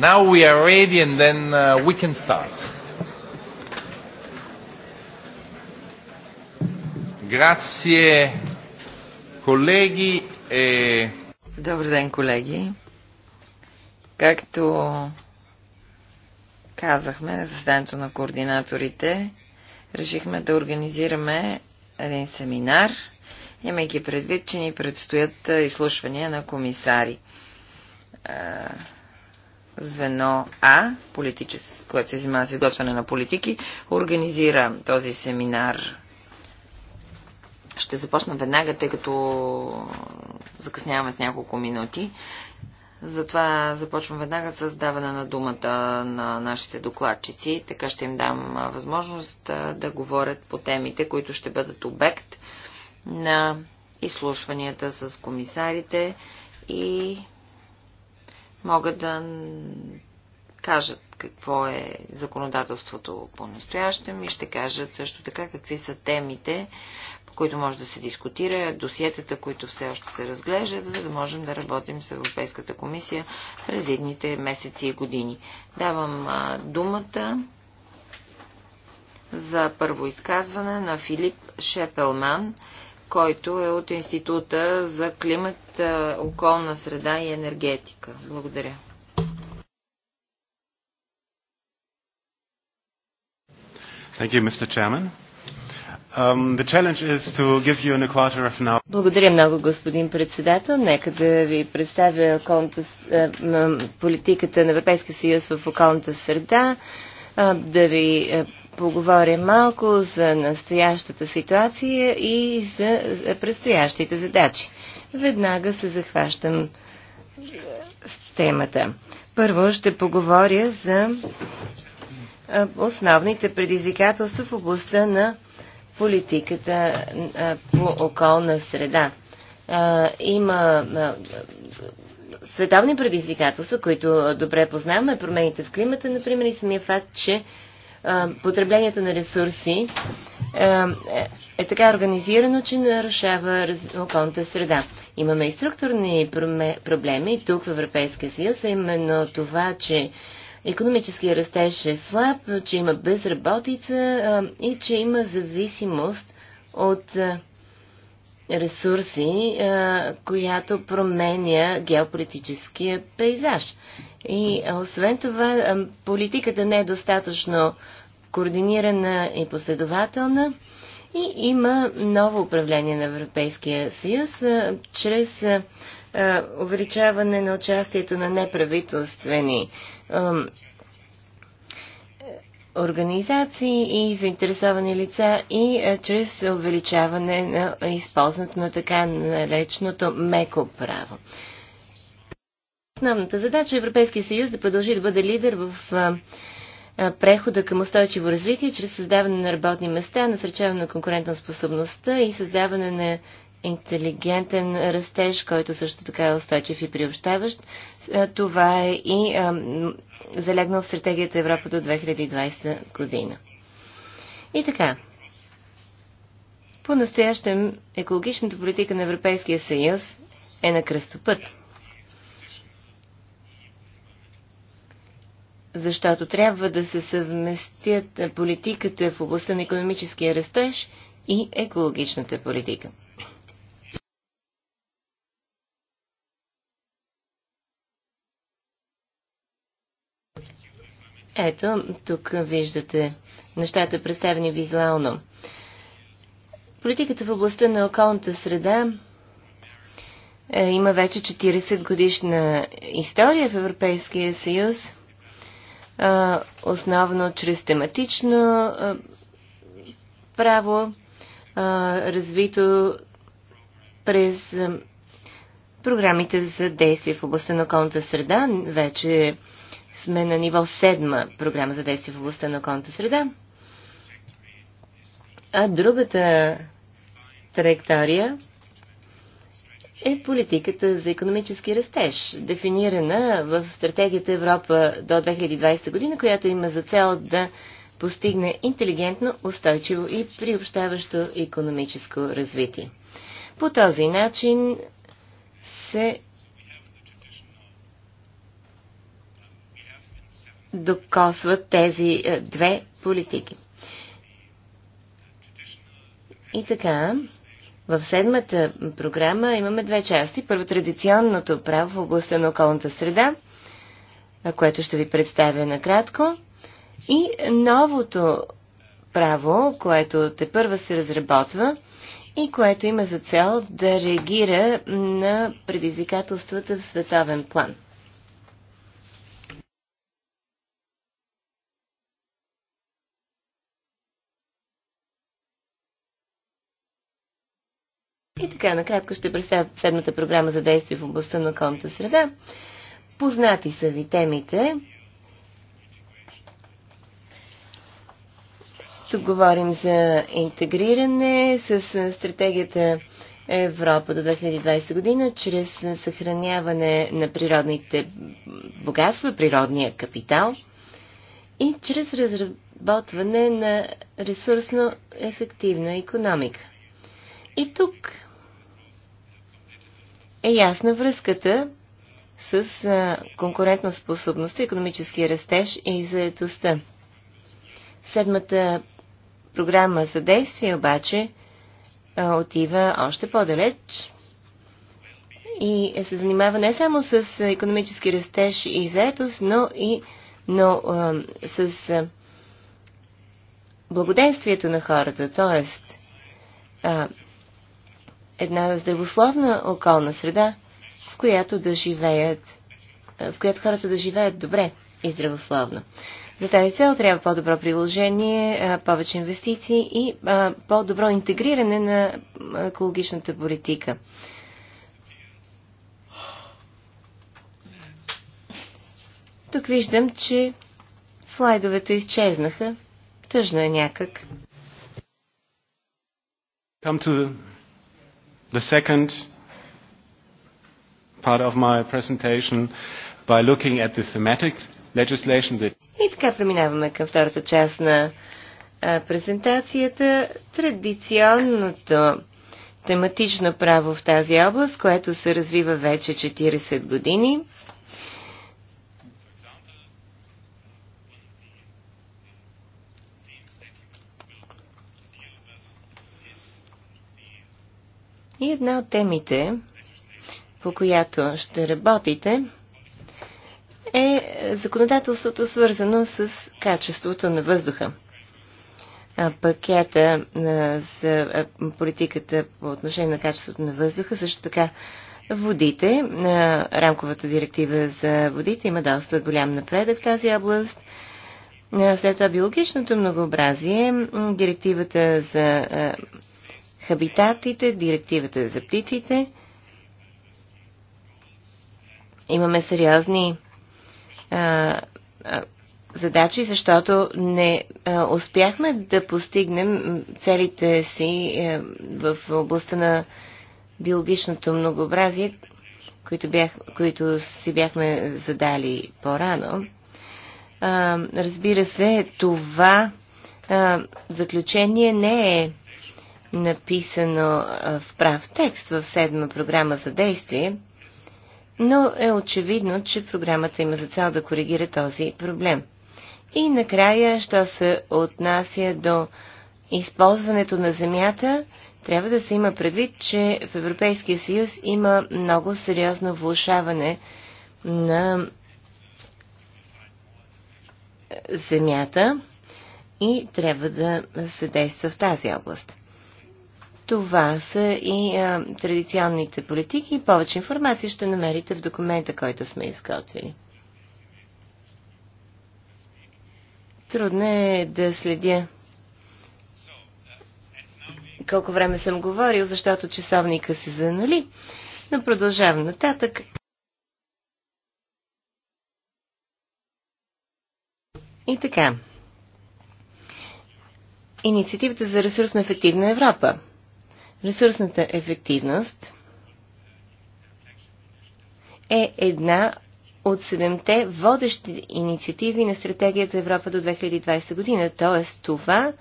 Now we are ready and then uh, we can start. Grazie colleghi e Добър ден, колеги. Както казахме на заседанието на координаторите, решихме да организираме един семинар, имайки предвид, че ни предстоят изслушвания на комисари звено А, което се занимава с изготвяне на политики, организира този семинар. Ще започна веднага, тъй като закъсняваме с няколко минути. Затова започвам веднага с даване на думата на нашите докладчици. Така ще им дам възможност да говорят по темите, които ще бъдат обект на изслушванията с комисарите и могат да кажат какво е законодателството по настоящем и ще кажат също така какви са темите, по които може да се дискутира, досиетата, които все още се разглеждат, за да можем да работим с Европейската комисия през едните месеци и години. Давам думата за първо изказване на Филип Шепелман, който е от Института за климат, околна среда и енергетика. Благодаря. Thank you, Mr. Chairman. Um, the challenge is to give you in a quarter of an hour. Благодаря много, господин председател. Нека да ви представя околната, политиката на Европейския съюз в околната среда, да ви поговоря малко за настоящата ситуация и за предстоящите задачи. Веднага се захващам с темата. Първо ще поговоря за основните предизвикателства в областта на политиката по околна среда. Има световни предизвикателства, които добре познаваме, промените в климата, например, и самия факт, че потреблението на ресурси е, е така организирано, че нарушава околната среда. Имаме и структурни проблеми тук в Европейския съюз, а именно това, че економическия растеж е слаб, че има безработица и че има зависимост от ресурси, която променя геополитическия пейзаж. И освен това, политиката не е достатъчно координирана и последователна и има ново управление на Европейския съюз чрез увеличаване на участието на неправителствени организации и заинтересовани лица и а, чрез увеличаване на използването на така нареченото меко право. Основната задача е Европейския съюз да продължи да бъде лидер в а, прехода към устойчиво развитие чрез създаване на работни места, насречаване на конкурентна способността и създаване на интелигентен растеж, който също така е устойчив и приобщаващ. Е, това е и е, залегнал в стратегията Европа до 2020 година. И така. По-настоящем екологичната политика на Европейския съюз е на кръстопът. Защото трябва да се съвместят е, политиката в областта на економическия растеж и екологичната политика. Ето, тук виждате нещата представени визуално. Политиката в областта на околната среда е, има вече 40 годишна история в Европейския съюз, е, основно чрез тематично е, право, развито през програмите за действие в областта на околната среда. Вече сме на ниво 7 програма за действие в областта на околната среда. А другата траектория е политиката за економически растеж, дефинирана в стратегията Европа до 2020 година, която има за цел да постигне интелигентно, устойчиво и приобщаващо економическо развитие. По този начин се докосват тези е, две политики. И така, в седмата програма имаме две части. Първо традиционното право в областта на околната среда, което ще ви представя накратко. И новото право, което те първа се разработва и което има за цел да реагира на предизвикателствата в световен план. Така, накратко ще представя седмата програма за действие в областта на околната среда. Познати са ви темите. Тук говорим за интегриране с стратегията Европа до 2020 година чрез съхраняване на природните богатства, природния капитал и чрез разработване на ресурсно ефективна економика. И тук е ясна връзката с конкурентна способността, економическия растеж и заедостта. Седмата програма за действие обаче отива още по-далеч и се занимава не само с економически растеж и заедост, но и но, а, с благоденствието на хората, т.е една здравословна околна среда, в която да живеят, в която хората да живеят добре и здравословно. За тази цел трябва по-добро приложение, повече инвестиции и по-добро интегриране на екологичната политика. Тук виждам, че слайдовете изчезнаха. Тъжно е някак. Come to the second part of my presentation by looking at the thematic legislation that... И така преминаваме към втората част на а, презентацията. Традиционното тематично право в тази област, което се развива вече 40 години – И една от темите, по която ще работите, е законодателството свързано с качеството на въздуха. Пакета за политиката по отношение на качеството на въздуха, също така водите, рамковата директива за водите има доста голям напредък в тази област. След това биологичното многообразие, директивата за хабитатите, директивата за птиците. Имаме сериозни а, а, задачи, защото не а, успяхме да постигнем целите си а, в областта на биологичното многообразие, които, бях, които си бяхме задали по-рано. разбира се, това а, заключение не е написано в прав текст в седма програма за действие, но е очевидно, че програмата има за цел да коригира този проблем. И накрая, що се отнася до използването на земята, трябва да се има предвид, че в Европейския съюз има много сериозно влушаване на земята и трябва да се действа в тази област. Това са и а, традиционните политики. Повече информация ще намерите в документа, който сме изготвили. Трудно е да следя колко време съм говорил, защото часовника се занули. Но продължавам нататък. И така. Инициативата за ресурсно ефективна Европа – Ресурсната ефективност е една от седемте водещи инициативи на стратегията Европа до 2020 година. Тоест, това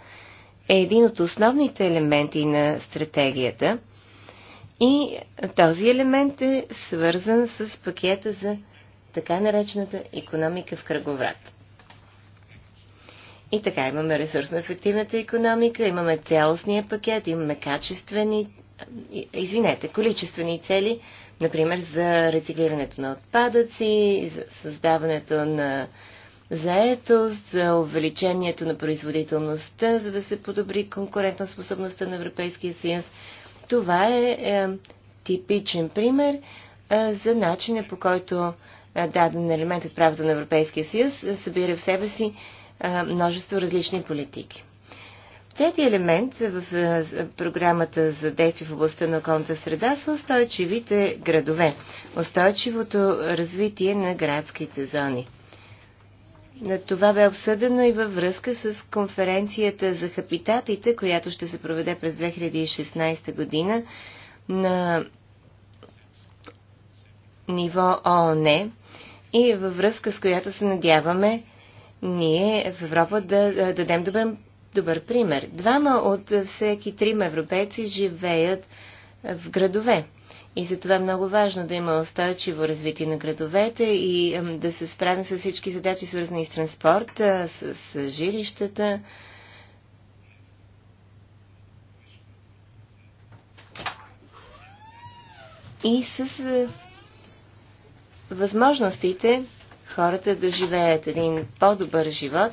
е един от основните елементи на стратегията и този елемент е свързан с пакета за така наречената економика в кръговрат. И така, имаме ресурсно-ефективната економика, имаме цялостния пакет, имаме качествени, извинете, количествени цели, например за рециклирането на отпадъци, за създаването на заетост, за увеличението на производителността, за да се подобри конкурентоспособността на Европейския съюз. Това е, е типичен пример е, за начина по който е, даден елемент от правото на Европейския съюз е, събира в себе си множество различни политики. Третият елемент в програмата за действие в областта на околната среда са устойчивите градове, устойчивото развитие на градските зони. На това бе обсъдено и във връзка с конференцията за хапитатите, която ще се проведе през 2016 година на ниво ООН и във връзка с която се надяваме ние в Европа да, да дадем добър, добър пример. Двама от всеки трима европейци живеят в градове. И за това е много важно да има устойчиво развитие на градовете и да се справим с всички задачи, свързани с транспорта, с, с жилищата. И с възможностите хората да живеят един по-добър живот.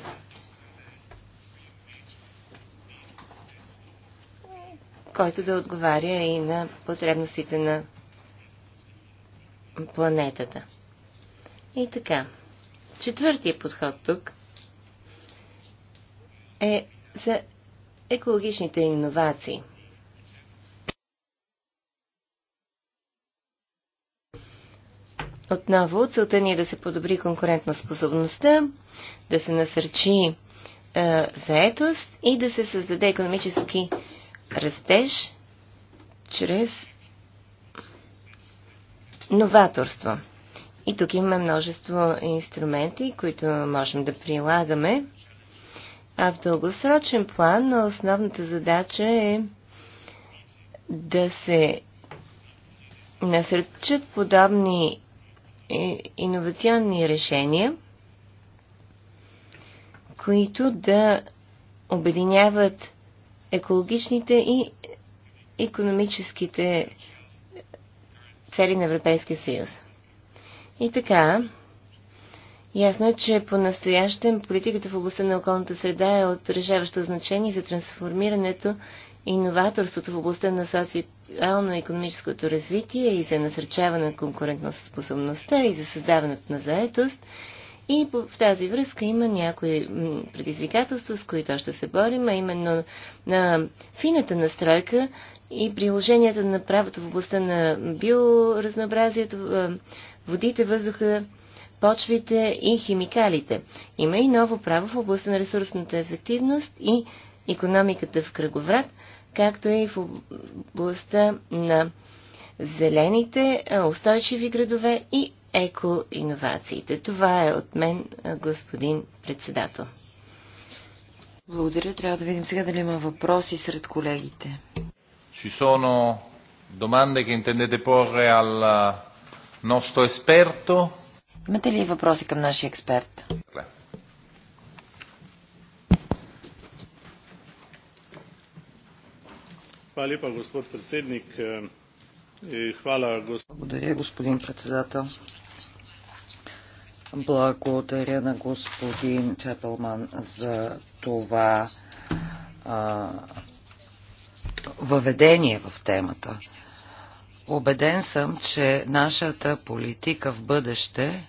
който да отговаря и на потребностите на планетата. И така. Четвъртия подход тук е за екологичните иновации – Отново, целта ни е да се подобри конкурентна способността, да се насърчи е, заетост и да се създаде економически растеж чрез новаторство. И тук има множество инструменти, които можем да прилагаме. А в дългосрочен план основната задача е да се насърчат подобни е иновационни решения, които да обединяват екологичните и економическите цели на Европейския съюз. И така, ясно е, че по-настоящем политиката в областта на околната среда е от решаващо значение за трансформирането иноваторството в областта на социално-економическото развитие и за насърчаване на конкурентоспособността и за създаването на заетост. И в тази връзка има някои предизвикателства, с които още се борим, а именно на фината настройка и приложението на правото в областта на биоразнообразието, водите, въздуха, почвите и химикалите. Има и ново право в областта на ресурсната ефективност и економиката в кръговрат – както и в областта на зелените, устойчиви градове и екоинновациите. Това е от мен, господин председател. Благодаря. Трябва да видим сега дали има въпроси сред колегите. Ci sono domande che intendete porre al nostro esperto? Имате ли въпроси към нашия експерт? Hvala lepa, gospod predsednik. Eh, eh, hvala, Благодаря, господин председател. Благодаря на господин Чепелман за това а, въведение в темата. Обеден съм, че нашата политика в бъдеще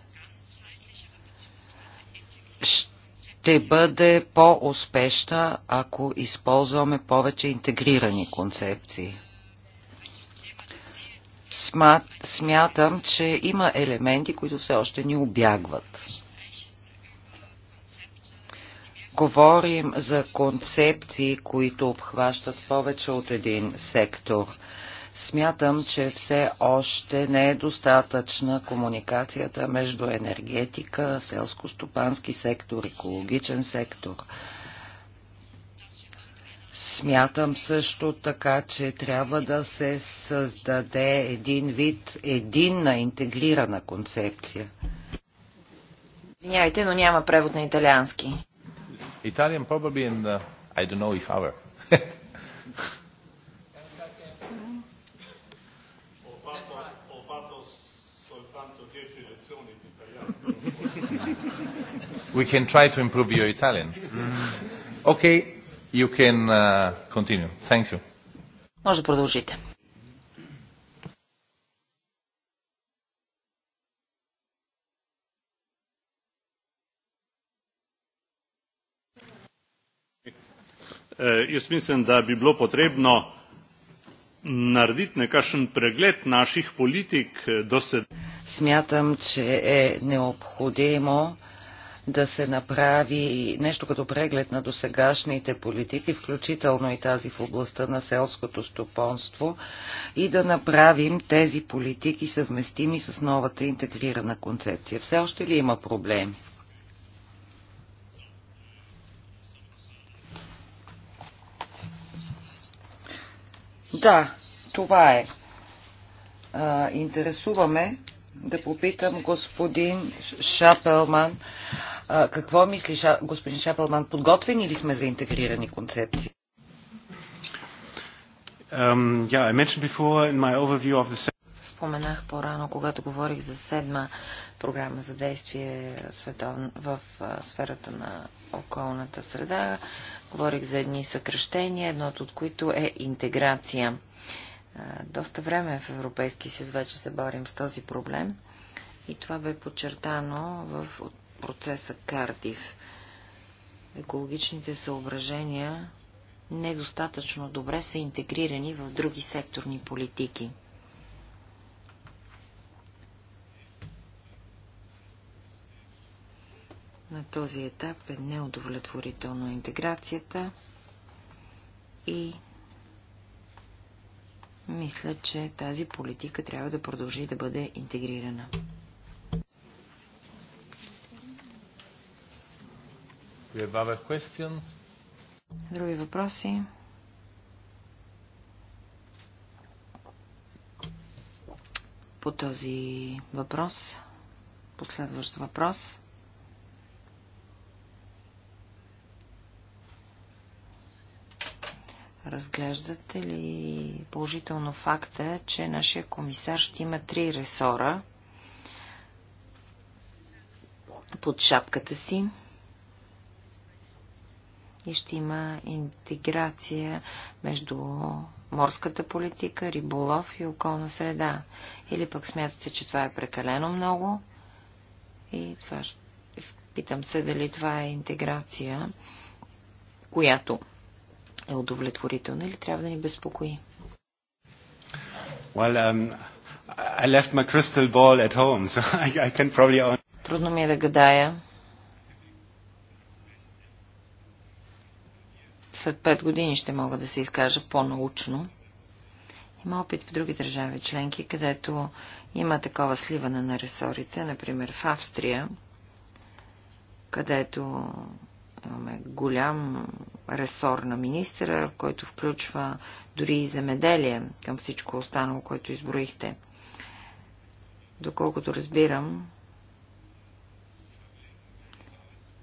ще ще бъде по-успешна, ако използваме повече интегрирани концепции. Смятам, че има елементи, които все още ни обягват. Говорим за концепции, които обхващат повече от един сектор – Смятам, че все още не е достатъчна комуникацията между енергетика, селско-стопански сектор, екологичен сектор. Смятам също така, че трябва да се създаде един вид единна интегрирана концепция. Извинявайте, но няма превод на италиански. Italian probably in the... I don't know if our. we can try to improve your Italian. Okay, you can uh, continue. Thank you. Може продължите. jaz mislim da bi bilo potrebno narediti nekakšen pregled naših politik do sedaj. Смятам, че je необходимо да се направи нещо като преглед на досегашните политики, включително и тази в областта на селското стопонство, и да направим тези политики съвместими с новата интегрирана концепция. Все още ли има проблеми? Да, това е. А, интересуваме да попитам господин Шапелман какво мисли господин Шапелман? Подготвени ли сме за интегрирани концепции? Um, yeah, I mentioned before in my overview of the споменах по-рано, когато говорих за седма програма за действие в сферата на околната среда. Говорих за едни съкръщения, едното от които е интеграция. Доста време е в Европейския съюз вече се борим с този проблем и това бе подчертано в процеса Кардив. Екологичните съображения недостатъчно добре са интегрирани в други секторни политики. На този етап е неудовлетворително интеграцията и мисля, че тази политика трябва да продължи да бъде интегрирана. Други въпроси? По този въпрос, последващ въпрос, Разглеждате ли положително факта, че нашия комисар ще има три ресора под шапката си? и ще има интеграция между морската политика, риболов и околна среда. Или пък смятате, че това е прекалено много и това ще... питам се дали това е интеграция, която е удовлетворителна или трябва да ни безпокои. Well, um, I left my crystal ball at home, so I, I can probably... Трудно ми е да гадая След 5 години ще мога да се изкажа по-научно. Има опит в други държави членки, където има такова сливане на ресорите, например в Австрия, където имаме голям ресор на министъра, който включва дори и земеделие към всичко останало, което изброихте. Доколкото разбирам,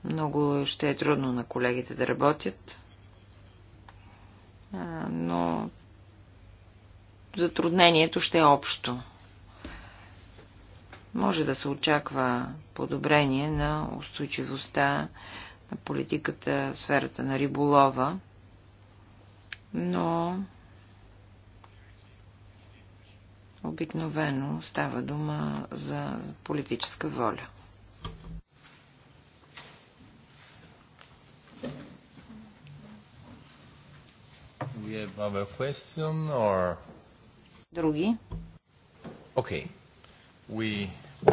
много ще е трудно на колегите да работят но затруднението ще е общо. Може да се очаква подобрение на устойчивостта на политиката в сферата на риболова, но обикновено става дума за политическа воля. have a question or? Други? Okay. We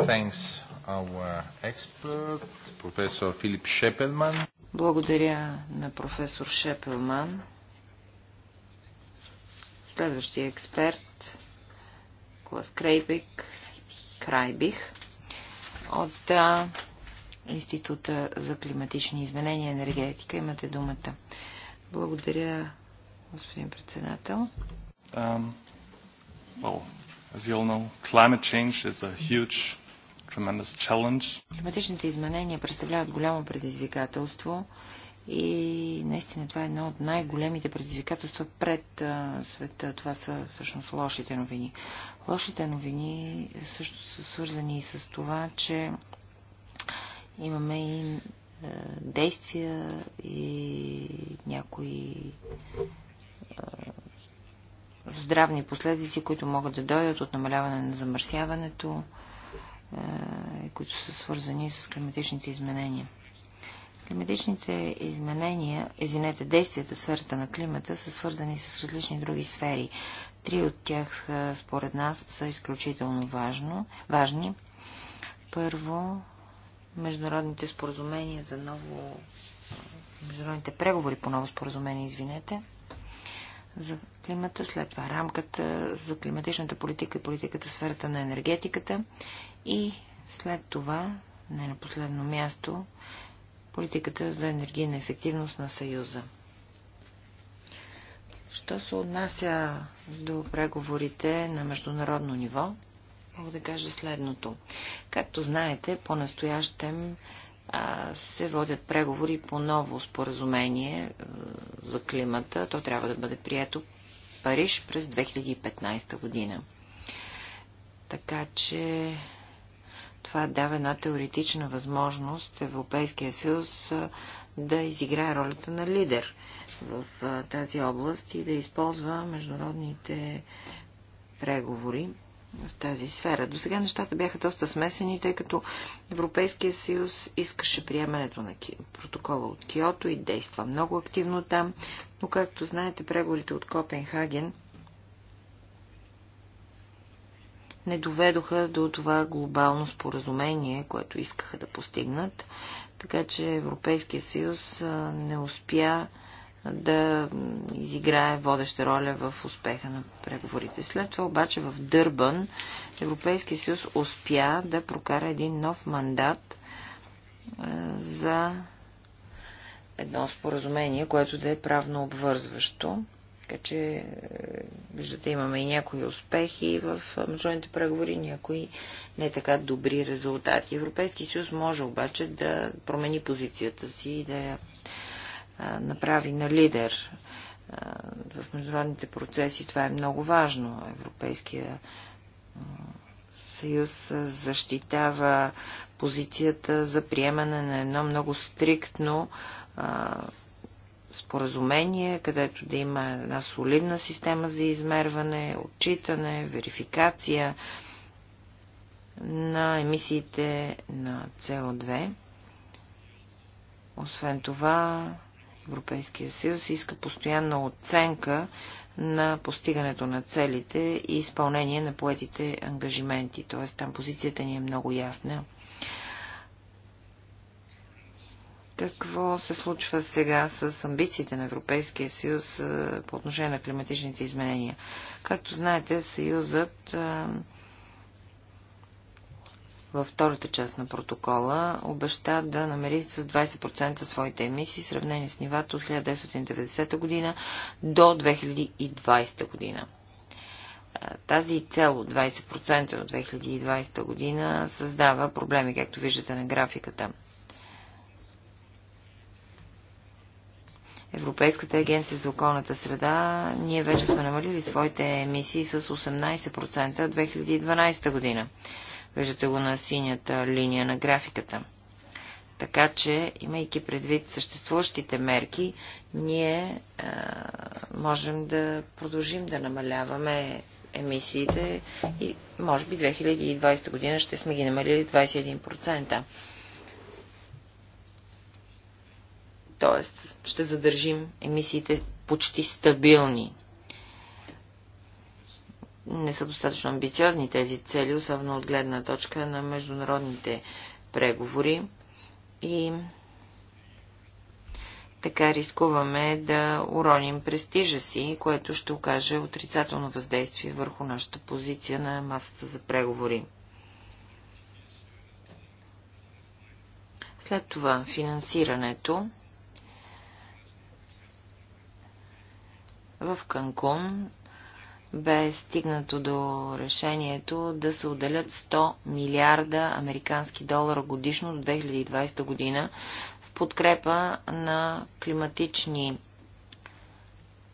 thanks our expert, Professor Philip Шепелман. Благодаря на професор Шепелман. Следващия експерт, Клас Крейбик, Крайбих, от а, Института за климатични изменения и енергетика. Имате думата. Благодаря, господин председател. Um, well, as you all know, climate change is a huge, tremendous challenge. Климатичните изменения представляват голямо предизвикателство и наистина това е едно от най-големите предизвикателства пред а, света. Това са всъщност лошите новини. Лошите новини също са свързани и с това, че имаме и действия и някои е, здравни последици, които могат да дойдат от намаляване на замърсяването е, и които са свързани с климатичните изменения. Климатичните изменения, извинете, действията в сферата на климата са свързани с различни други сфери. Три от тях, е, според нас, са изключително важно, важни. Първо, международните споразумения за ново... Международните преговори по ново споразумение, извинете, за климата, след това рамката за климатичната политика и политиката в сферата на енергетиката и след това, не на последно място, политиката за енергийна ефективност на Съюза. Що се отнася до преговорите на международно ниво, мога да кажа следното. Както знаете, по-настоящем се водят преговори по ново споразумение за климата. То трябва да бъде прието Париж през 2015 година. Така че това дава една теоретична възможност Европейския съюз да изиграе ролята на лидер в тази област и да използва международните преговори в тази сфера. До сега нещата бяха доста смесени, тъй като Европейския съюз искаше приемането на протокола от Киото и действа много активно там, но както знаете, преговорите от Копенхаген не доведоха до това глобално споразумение, което искаха да постигнат, така че Европейския съюз не успя да изиграе водеща роля в успеха на преговорите. След това обаче в Дърбан Европейския съюз успя да прокара един нов мандат е, за едно споразумение, което да е правно обвързващо. Така че, е, виждате, имаме и някои успехи в е, международните преговори, някои не така добри резултати. Европейски съюз може обаче да промени позицията си и да я направи на лидер в международните процеси. Това е много важно. Европейския съюз защитава позицията за приемане на едно много стриктно споразумение, където да има една солидна система за измерване, отчитане, верификация на емисиите на CO2. Освен това, Европейския съюз иска постоянна оценка на постигането на целите и изпълнение на поетите ангажименти. Т.е. там позицията ни е много ясна. Какво се случва сега с амбициите на Европейския съюз по отношение на климатичните изменения? Както знаете, съюзът във втората част на протокола обеща да намери с 20% своите емисии, сравнени с нивата от 1990 година до 2020 година. Тази цел от 20% от 2020 година създава проблеми, както виждате на графиката. Европейската агенция за околната среда, ние вече сме намалили своите емисии с 18% 2012 година. Виждате го на синята линия на графиката. Така че, имайки предвид съществуващите мерки, ние а, е, можем да продължим да намаляваме емисиите и може би 2020 година ще сме ги намалили 21%. Тоест, ще задържим емисиите почти стабилни не са достатъчно амбициозни тези цели, особено от гледна точка на международните преговори. И така рискуваме да уроним престижа си, което ще окаже отрицателно въздействие върху нашата позиция на масата за преговори. След това финансирането в Канкун бе стигнато до решението да се отделят 100 милиарда американски долара годишно до 2020 година в подкрепа на климатични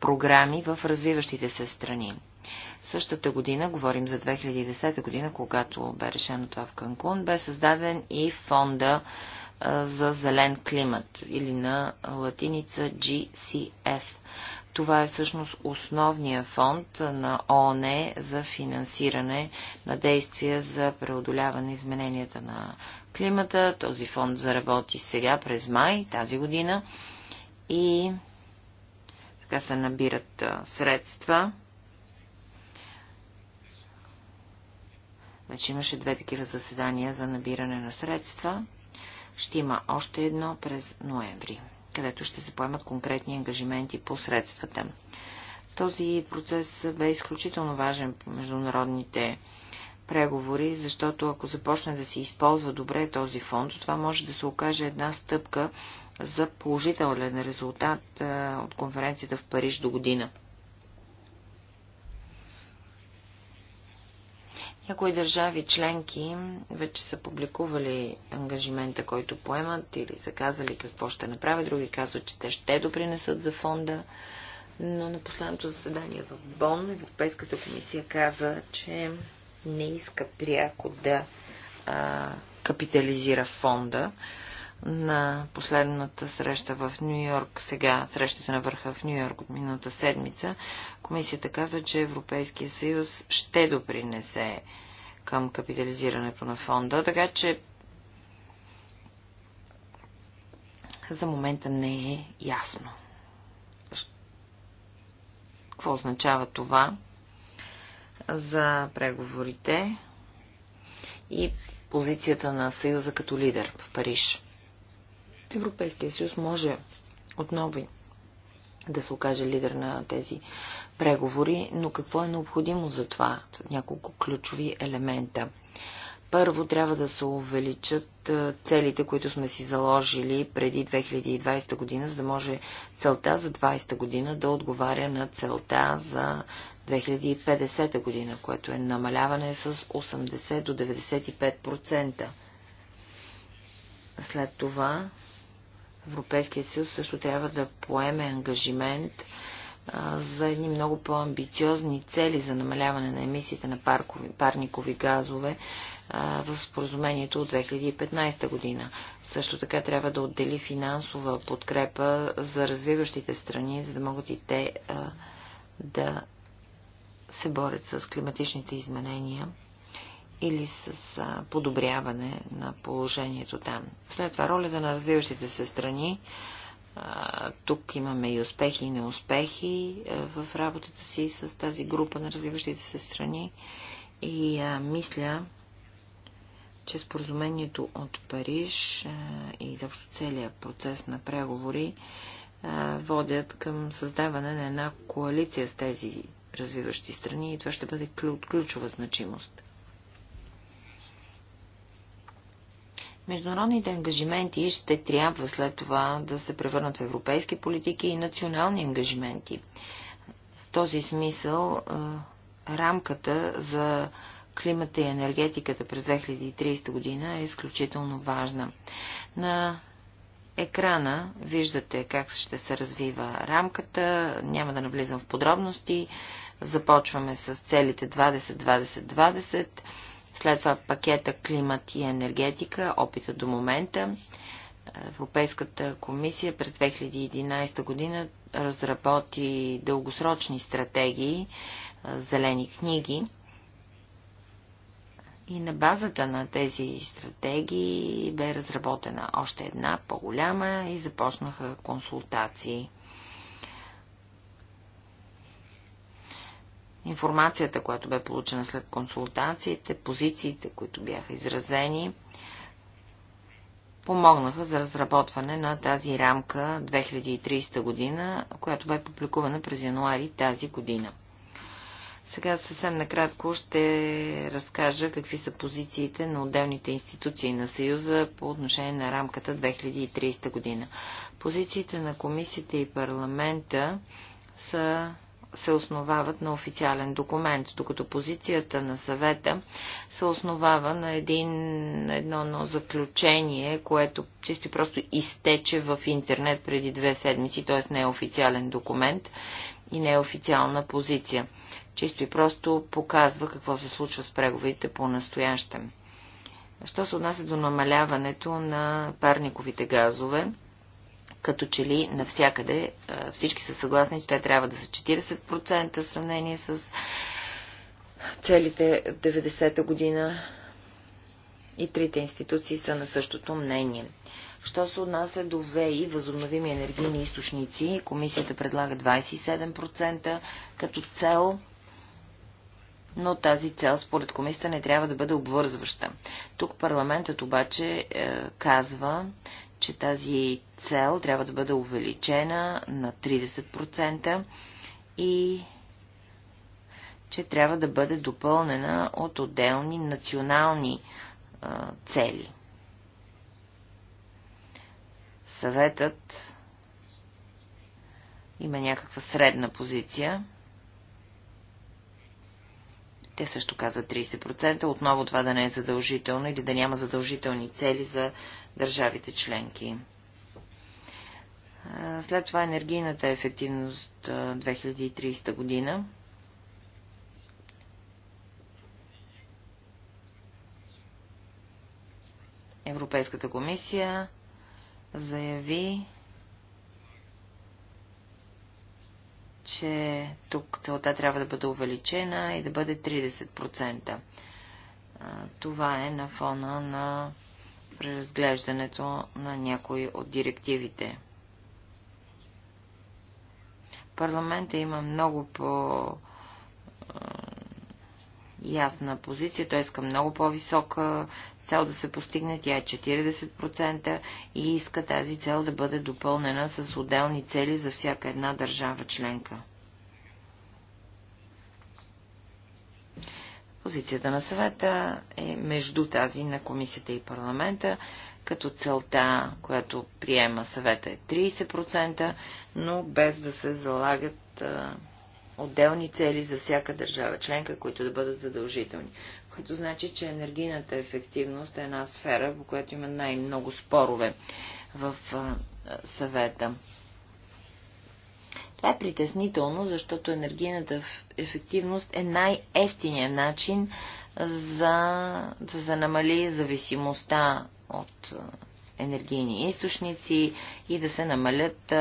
програми в развиващите се страни. Същата година, говорим за 2010 година, когато бе решено това в Канкун, бе създаден и фонда за зелен климат или на латиница GCF. Това е всъщност основния фонд на ООН за финансиране на действия за преодоляване измененията на климата. Този фонд заработи сега през май тази година и така се набират средства. Вече имаше две такива заседания за набиране на средства. Ще има още едно през ноември където ще се поемат конкретни ангажименти по средствата. Този процес бе изключително важен по международните преговори, защото ако започне да се използва добре този фонд, това може да се окаже една стъпка за положителен резултат от конференцията в Париж до година. Някои държави членки вече са публикували ангажимента, който поемат или са казали какво ще направят. Други казват, че те ще допринесат за фонда. Но на последното заседание в Бон Европейската комисия каза, че не иска пряко да а, капитализира фонда, на последната среща в Нью Йорк, сега срещата на върха в Нью Йорк от миналата седмица, комисията каза, че Европейския съюз ще допринесе към капитализирането на фонда, така че за момента не е ясно. Какво означава това за преговорите и позицията на Съюза като лидер в Париж? Европейския съюз може отново да се окаже лидер на тези преговори, но какво е необходимо за това? Няколко ключови елемента. Първо трябва да се увеличат целите, които сме си заложили преди 2020 година, за да може целта за 2020 година да отговаря на целта за 2050 година, което е намаляване с 80 до 95%. След това Европейския съюз също трябва да поеме ангажимент за едни много по-амбициозни цели за намаляване на емисиите на парникови газове в споразумението от 2015 година. Също така трябва да отдели финансова подкрепа за развиващите страни, за да могат и те да се борят с климатичните изменения или с а, подобряване на положението там. След това ролята на развиващите се страни. А, тук имаме и успехи и неуспехи а, в работата си с тази група на развиващите се страни. И а, мисля, че споразумението от Париж а, и заобщо целият процес на преговори а, водят към създаване на една коалиция с тези развиващи страни и това ще бъде от ключова значимост. Международните ангажименти ще трябва след това да се превърнат в европейски политики и национални ангажименти. В този смисъл е, рамката за климата и енергетиката през 2030 година е изключително важна. На екрана виждате как ще се развива рамката, няма да навлизам в подробности. Започваме с целите 20-20-20 след това пакета климат и енергетика, опита до момента. Европейската комисия през 2011 година разработи дългосрочни стратегии, зелени книги. И на базата на тези стратегии бе разработена още една по-голяма и започнаха консултации. информацията, която бе получена след консултациите, позициите, които бяха изразени, помогнаха за разработване на тази рамка 2030 година, която бе публикувана през януари тази година. Сега съвсем накратко ще разкажа какви са позициите на отделните институции на Съюза по отношение на рамката 2030 година. Позициите на комисията и парламента са се основават на официален документ, докато позицията на съвета се основава на един, едно, едно заключение, което чисто и просто изтече в интернет преди две седмици, т.е. не е официален документ и не е официална позиция. Чисто и просто показва какво се случва с преговорите по настоящем. Що се отнася до намаляването на парниковите газове, като че ли навсякъде всички са съгласни, че те трябва да са 40% в сравнение с целите 90-та година. И трите институции са на същото мнение. Що се отнася до ВЕИ, възобновими енергийни източници, комисията предлага 27% като цел, но тази цел според комисията не трябва да бъде обвързваща. Тук парламентът обаче е, казва, че тази цел трябва да бъде увеличена на 30% и че трябва да бъде допълнена от отделни национални а, цели. Съветът има някаква средна позиция. Те също казват 30%, отново това да не е задължително или да няма задължителни цели за държавите членки. След това енергийната ефективност 2030 година. Европейската комисия заяви, че тук целта трябва да бъде увеличена и да бъде 30%. Това е на фона на преразглеждането на някои от директивите. Парламента има много по ясна позиция. Той иска много по-висока цел да се постигне. Тя е 40% и иска тази цел да бъде допълнена с отделни цели за всяка една държава членка. Позицията на съвета е между тази на комисията и парламента, като целта, която приема съвета е 30%, но без да се залагат отделни цели за всяка държава членка, които да бъдат задължителни. Което значи, че енергийната ефективност е една сфера, по която има най-много спорове в съвета. Това е притеснително, защото енергийната ефективност е най-ефтиният начин за да се намали зависимостта от енергийни източници и да се намалят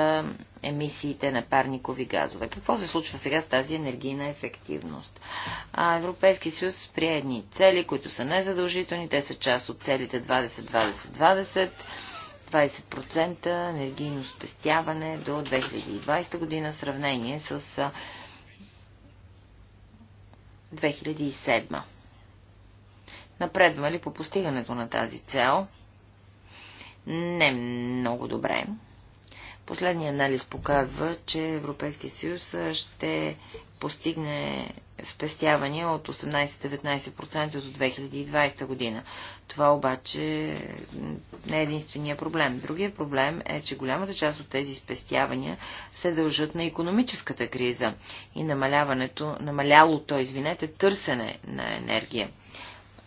емисиите на парникови газове. Какво се случва сега с тази енергийна ефективност? А, Европейски съюз прие едни цели, които са незадължителни. Те са част от целите 20-20-20. 20% енергийно спестяване до 2020 година в сравнение с 2007. Напредваме ли по постигането на тази цел? не много добре. Последният анализ показва, че Европейския съюз ще постигне спестявания от 18-19% до 2020 година. Това обаче не е единствения проблем. Другия проблем е, че голямата част от тези спестявания се дължат на економическата криза и намаляването, намалялото, извинете, търсене на енергия.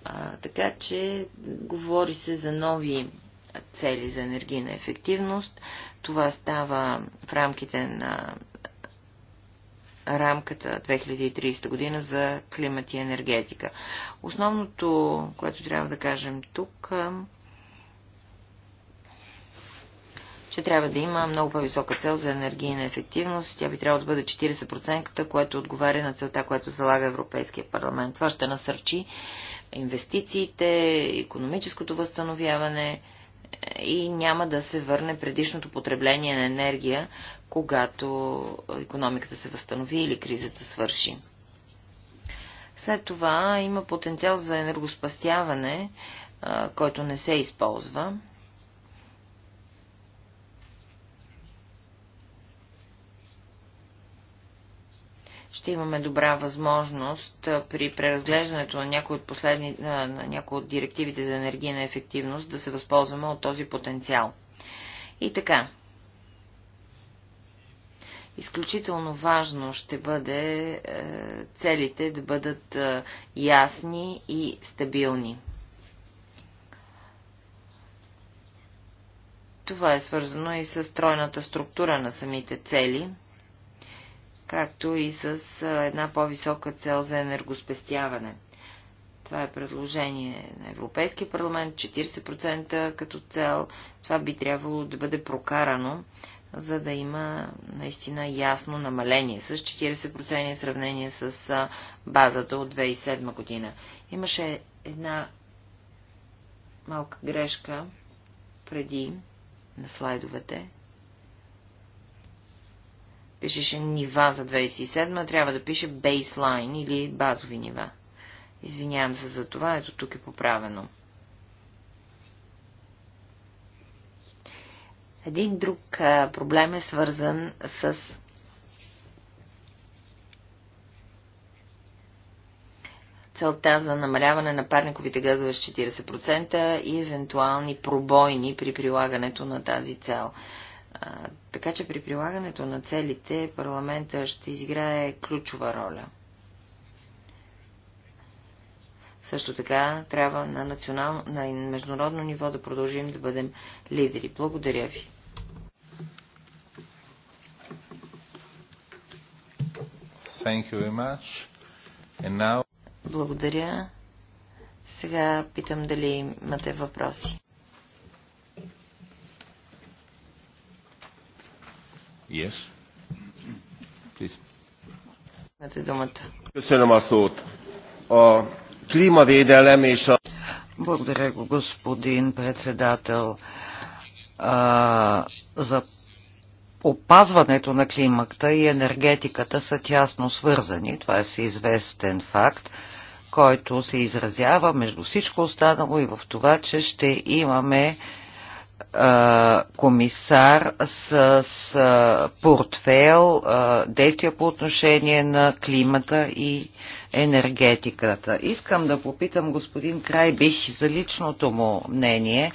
А, така че говори се за нови цели за енергийна ефективност. Това става в рамките на рамката 2030 година за климат и енергетика. Основното, което трябва да кажем тук, е, че трябва да има много по-висока цел за енергийна ефективност. Тя би трябвало да бъде 40%, което отговаря на целта, която залага Европейския парламент. Това ще насърчи инвестициите, економическото възстановяване, и няма да се върне предишното потребление на енергия, когато економиката се възстанови или кризата свърши. След това има потенциал за енергоспастяване, който не се използва. ще имаме добра възможност при преразглеждането на някои от, последни, на някои от директивите за енергийна ефективност да се възползваме от този потенциал. И така, изключително важно ще бъде е, целите да бъдат е, ясни и стабилни. Това е свързано и с тройната структура на самите цели както и с една по-висока цел за енергоспестяване. Това е предложение на Европейския парламент, 40% като цел. Това би трябвало да бъде прокарано, за да има наистина ясно намаление с 40% в сравнение с базата от 2007 година. Имаше една малка грешка преди на слайдовете пишеше нива за 2007, трябва да пише бейслайн или базови нива. Извинявам се за това, ето тук е поправено. Един друг проблем е свързан с целта за намаляване на парниковите газове с 40% и евентуални пробойни при прилагането на тази цел така че при прилагането на целите парламента ще изиграе ключова роля. Също така трябва на, национално, на международно ниво да продължим да бъдем лидери. Благодаря ви. Thank you very much. And now... Благодаря. Сега питам дали имате въпроси. Yes. Please. Köszönöm a szót. A klímavédelem és a... Благодаря господин председател. А, за опазването на климата и енергетиката са тясно свързани. Това е всеизвестен факт, който се изразява между всичко останало и в това, че ще имаме комисар с, портфел действия по отношение на климата и енергетиката. Искам да попитам господин Крайбих за личното му мнение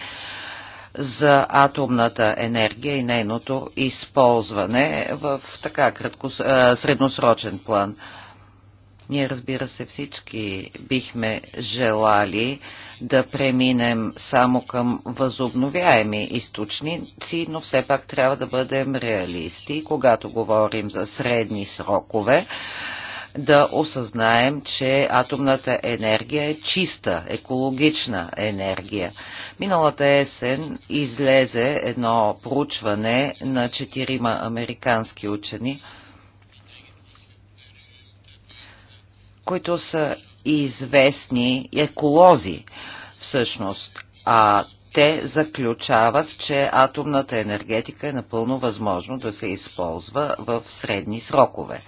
за атомната енергия и нейното използване в така кратко, средносрочен план. Ние, разбира се, всички бихме желали да преминем само към възобновяеми източници, но все пак трябва да бъдем реалисти, когато говорим за средни срокове да осъзнаем, че атомната енергия е чиста, екологична енергия. Миналата есен излезе едно проучване на четирима американски учени – които са известни еколози всъщност, а те заключават, че атомната енергетика е напълно възможно да се използва в средни срокове.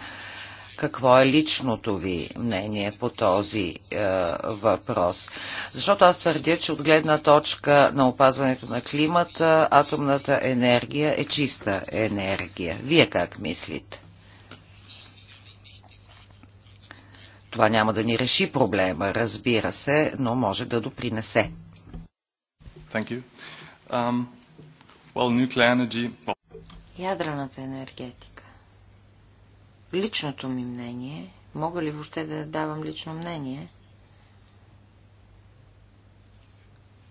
Какво е личното ви мнение по този е, въпрос? Защото аз твърдя, че от гледна точка на опазването на климата, атомната енергия е чиста енергия. Вие как мислите? Това няма да ни реши проблема, разбира се, но може да допринесе. Thank you. Um, well, nuclear energy... Ядрената енергетика. Личното ми мнение, мога ли въобще да давам лично мнение?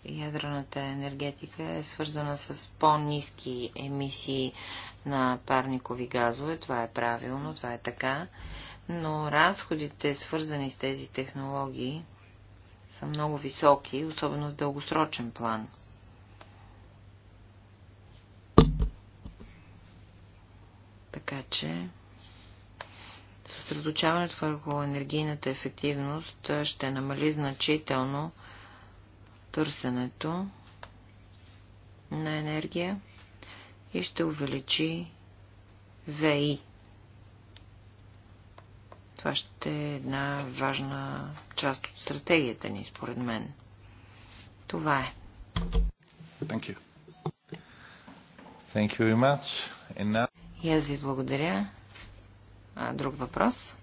Ядрената енергетика е свързана с по-низки емисии на парникови газове. Това е правилно, това е така но разходите, свързани с тези технологии, са много високи, особено в дългосрочен план. Така че съсредоточаването върху енергийната ефективност ще намали значително търсенето на енергия и ще увеличи ВИ това ще е една важна част от стратегията ни, според мен. Това е. Thank you. Thank you very much. And now... И аз ви благодаря. А, друг въпрос?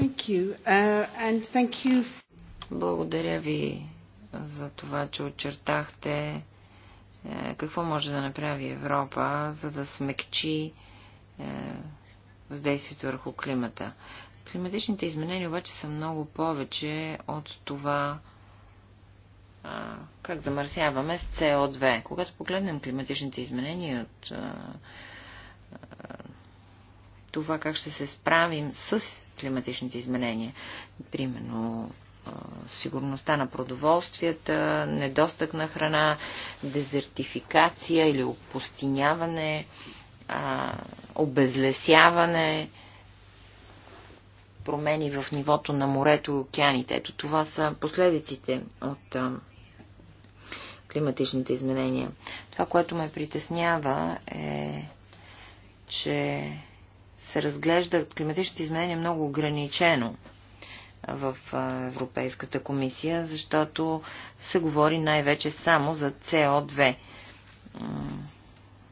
Thank you. Uh, and thank you. Благодаря ви за това, че очертахте е, какво може да направи Европа, за да смекчи е, въздействието върху климата. Климатичните изменения обаче са много повече от това а, как замърсяваме с CO2. Когато погледнем климатичните изменения от а, а, това как ще се справим с климатичните изменения, примерно сигурността на продоволствията, недостъг на храна, дезертификация или опустиняване, а, обезлесяване, промени в нивото на морето и океаните. Ето това са последиците от а, климатичните изменения. Това, което ме притеснява е, че се разглежда климатичните изменения много ограничено в Европейската комисия, защото се говори най-вече само за со 2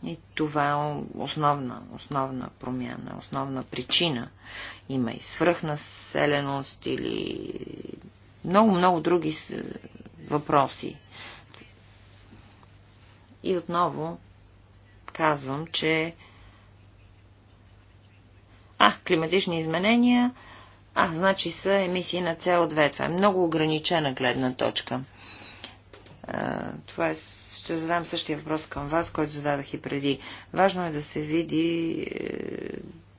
и това е основна, основна промяна, основна причина. Има и свръхнаселеност или много-много други въпроси. И отново казвам, че а, климатични изменения, а, значи са емисии на CO2. Това е много ограничена гледна точка. А, това е ще задам същия въпрос към вас, който зададах и преди. Важно е да се види е,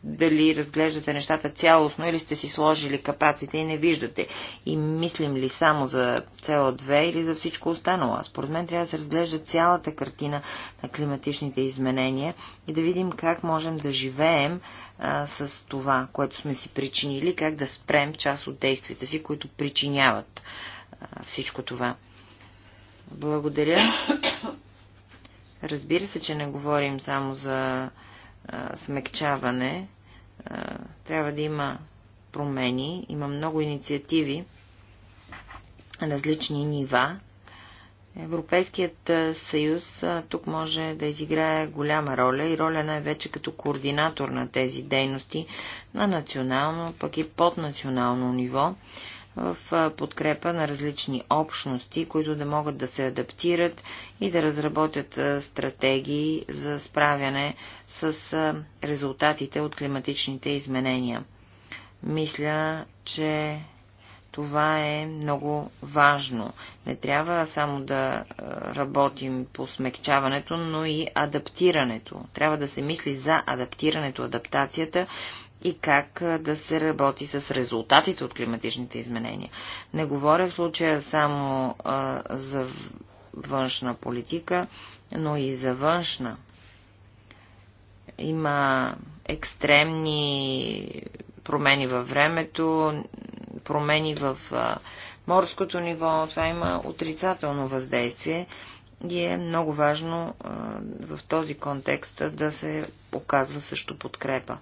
дали разглеждате нещата цялостно или сте си сложили капаците и не виждате. И мислим ли само за CO2 или за всичко останало. А според мен трябва да се разглежда цялата картина на климатичните изменения и да видим как можем да живеем а, с това, което сме си причинили, как да спрем част от действията си, които причиняват а, всичко това. Благодаря. Разбира се, че не говорим само за а, смекчаване. А, трябва да има промени. Има много инициативи на различни нива. Европейският съюз тук може да изиграе голяма роля и роля най-вече като координатор на тези дейности на национално, пък и поднационално ниво, в подкрепа на различни общности, които да могат да се адаптират и да разработят стратегии за справяне с резултатите от климатичните изменения. Мисля, че това е много важно. Не трябва само да работим по смекчаването, но и адаптирането. Трябва да се мисли за адаптирането, адаптацията и как да се работи с резултатите от климатичните изменения. Не говоря в случая само а, за външна политика, но и за външна. Има екстремни промени във времето, промени в а, морското ниво. Това има отрицателно въздействие и е много важно а, в този контекст да се оказва също подкрепа.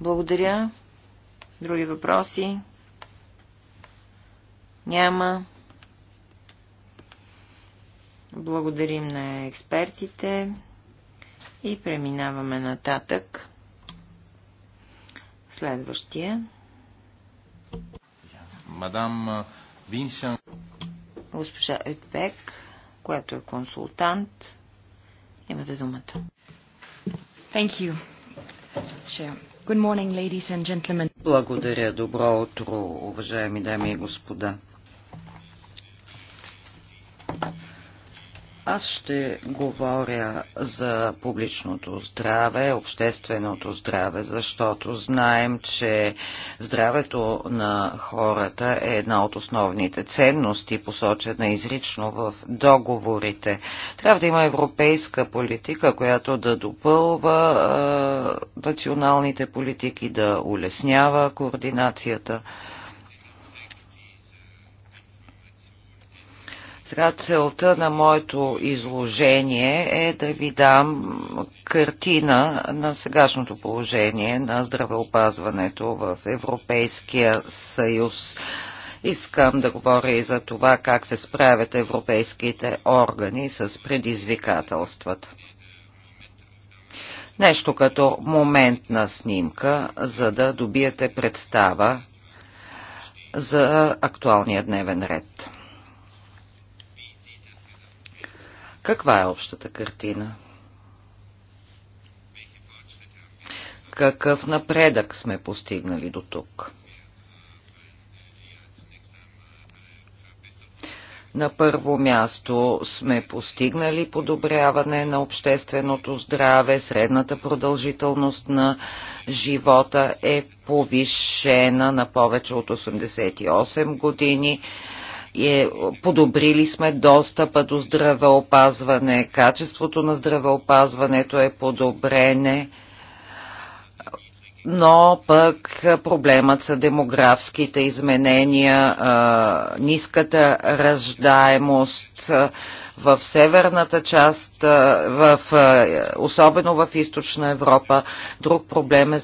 Благодаря. Други въпроси? Няма. Благодарим на експертите и преминаваме нататък. Следващия. Мадам Винсен. Госпожа Етбек, която е консултант. Имате думата. Thank you. Sure. Good morning, ladies and gentlemen. Благодаря. Добро утро, уважаеми дами и господа. Аз ще говоря за публичното здраве, общественото здраве, защото знаем, че здравето на хората е една от основните ценности, посочена изрично в договорите. Трябва да има европейска политика, която да допълва е, националните политики, да улеснява координацията. Сега целта на моето изложение е да ви дам картина на сегашното положение на здравеопазването в Европейския съюз. Искам да говоря и за това как се справят европейските органи с предизвикателствата. Нещо като моментна снимка, за да добиете представа за актуалния дневен ред. Каква е общата картина? Какъв напредък сме постигнали до тук? На първо място сме постигнали подобряване на общественото здраве, средната продължителност на живота е повишена на повече от 88 години е, подобрили сме достъпа до здравеопазване, качеството на здравеопазването е подобрене, но пък проблемът са демографските изменения, ниската раждаемост, в северната част, в, особено в източна Европа. Друг проблем е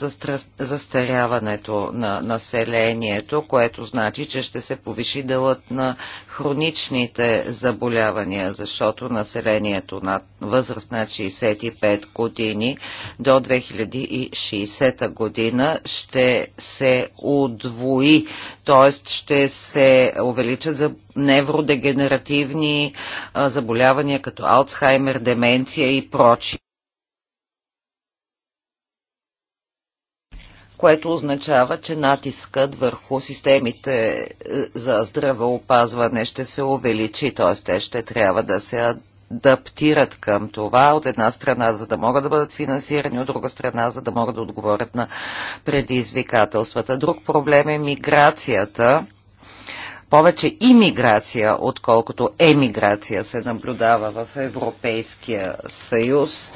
застаряването на населението, което значи, че ще се повиши делът на хроничните заболявания, защото населението над възраст на 65 години до 2060 година ще се удвои, т.е. ще се увеличат заболяванията невродегенеративни заболявания като Алцхаймер, деменция и прочи. което означава, че натискът върху системите е, за здравеопазване ще се увеличи, т.е. те ще трябва да се адаптират към това, от една страна, за да могат да бъдат финансирани, от друга страна, за да могат да отговорят на предизвикателствата. Друг проблем е миграцията повече имиграция, отколкото емиграция се наблюдава в Европейския съюз.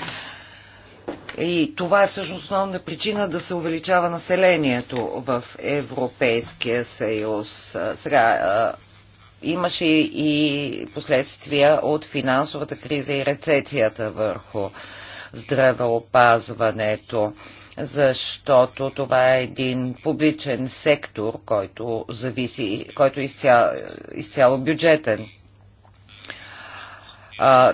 И това е всъщност основна причина да се увеличава населението в Европейския съюз. Сега, имаше и последствия от финансовата криза и рецесията върху здравеопазването, защото това е един публичен сектор, който зависи, който е изцяло, изцяло бюджетен. А,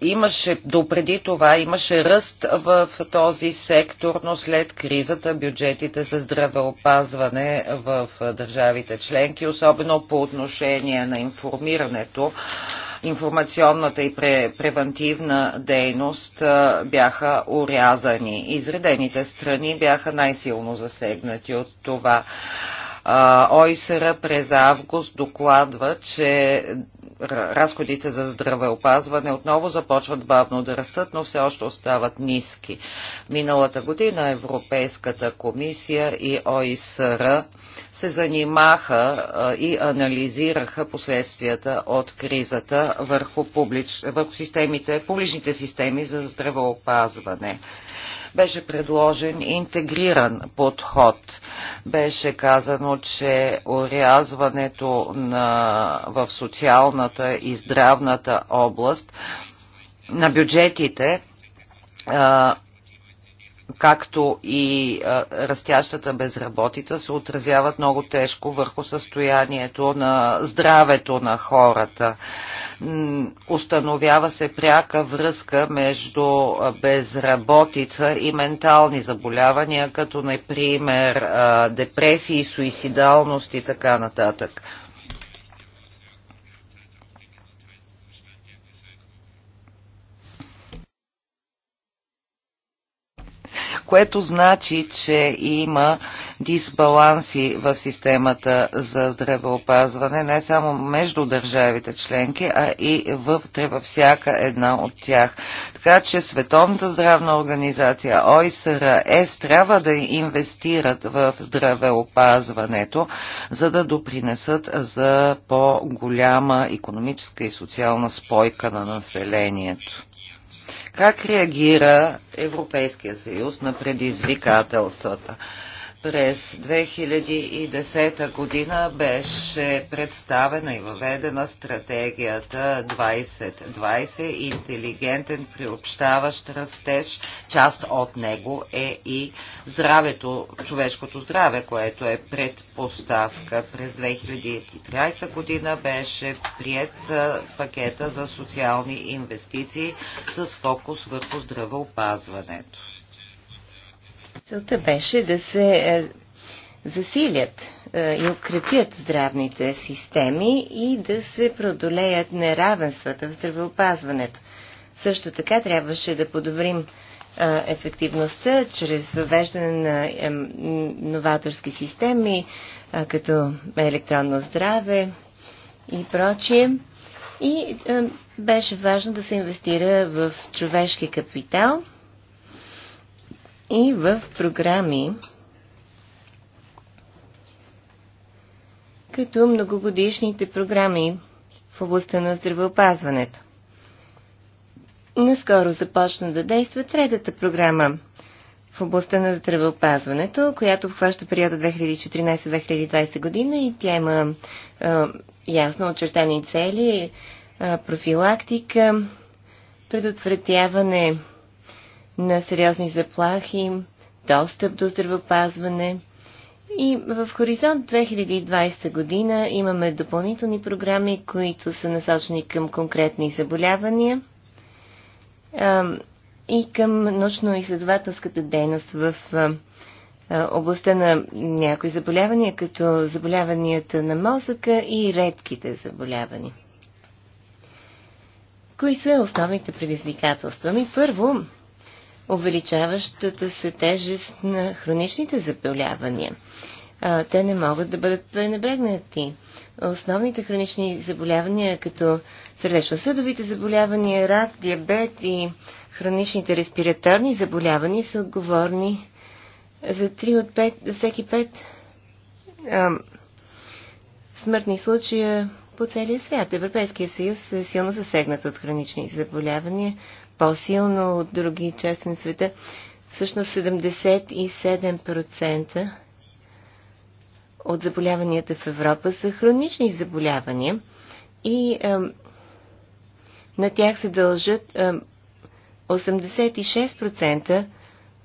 имаше, допреди това имаше ръст в този сектор, но след кризата бюджетите за здравеопазване в държавите членки, особено по отношение на информирането, информационната и превентивна дейност бяха урязани. Изредените страни бяха най-силно засегнати от това. ОИСР през август докладва, че разходите за здравеопазване отново започват бавно да растат, но все още остават ниски. Миналата година Европейската комисия и ОИСР се занимаха и анализираха последствията от кризата върху, публич, върху системите, публичните системи за здравеопазване беше предложен интегриран подход. Беше казано, че урязването на, в социалната и здравната област на бюджетите както и растящата безработица се отразяват много тежко върху състоянието на здравето на хората. Установява се пряка връзка между безработица и ментални заболявания, като например депресии, суицидалност и така нататък. което значи, че има дисбаланси в системата за здравеопазване, не само между държавите членки, а и вътре във всяка една от тях. Така че Световната здравна организация, ОИСР, ЕС трябва да инвестират в здравеопазването, за да допринесат за по-голяма економическа и социална спойка на населението. Как реагира Европейския съюз на предизвикателствата? През 2010 година беше представена и въведена стратегията 2020 интелигентен приобщаващ растеж. Част от него е и здравето, човешкото здраве, което е предпоставка. През 2013 година беше прият пакета за социални инвестиции с фокус върху здравеопазването. Целта беше да се е, засилят е, и укрепят здравните системи и да се продолеят неравенствата в здравеопазването. Също така трябваше да подобрим е, ефективността чрез въвеждане на новаторски системи, като електронно здраве и прочие. И беше важно да се инвестира в човешки капитал – и в програми, като многогодишните програми в областта на здравеопазването. Наскоро започна да действа третата програма в областта на здравеопазването, която обхваща периода 2014-2020 година и тя има е, ясно очертани цели, е, профилактика, предотвратяване на сериозни заплахи, достъп до здравеопазване. И в Хоризонт 2020 година имаме допълнителни програми, които са насочени към конкретни заболявания и към научно-изследователската дейност в областта на някои заболявания, като заболяванията на мозъка и редките заболявания. Кои са основните предизвикателства? Ми първо, увеличаващата се тежест на хроничните заболявания. те не могат да бъдат пренебрегнати. Основните хронични заболявания, като сърдечно-съдовите заболявания, рак, диабет и хроничните респираторни заболявания, са отговорни за 3 от 5, за всеки 5 а, смъртни случая по целия свят. Европейския съюз е силно засегнат от хронични заболявания по-силно от други части на света. Всъщност 77% от заболяванията в Европа са хронични заболявания и е, на тях се дължат е, 86%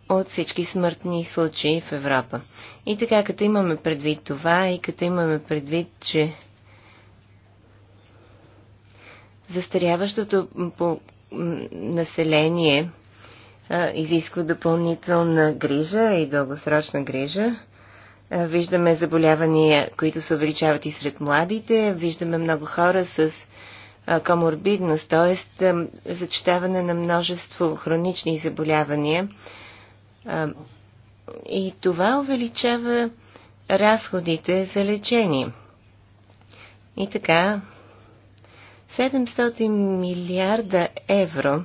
от всички смъртни случаи в Европа. И така, като имаме предвид това и като имаме предвид, че застаряващото по население изисква допълнителна грижа и дългосрочна грижа. Виждаме заболявания, които се увеличават и сред младите. Виждаме много хора с коморбидност, т.е. зачетаване на множество хронични заболявания. И това увеличава разходите за лечение. И така, 700 милиарда евро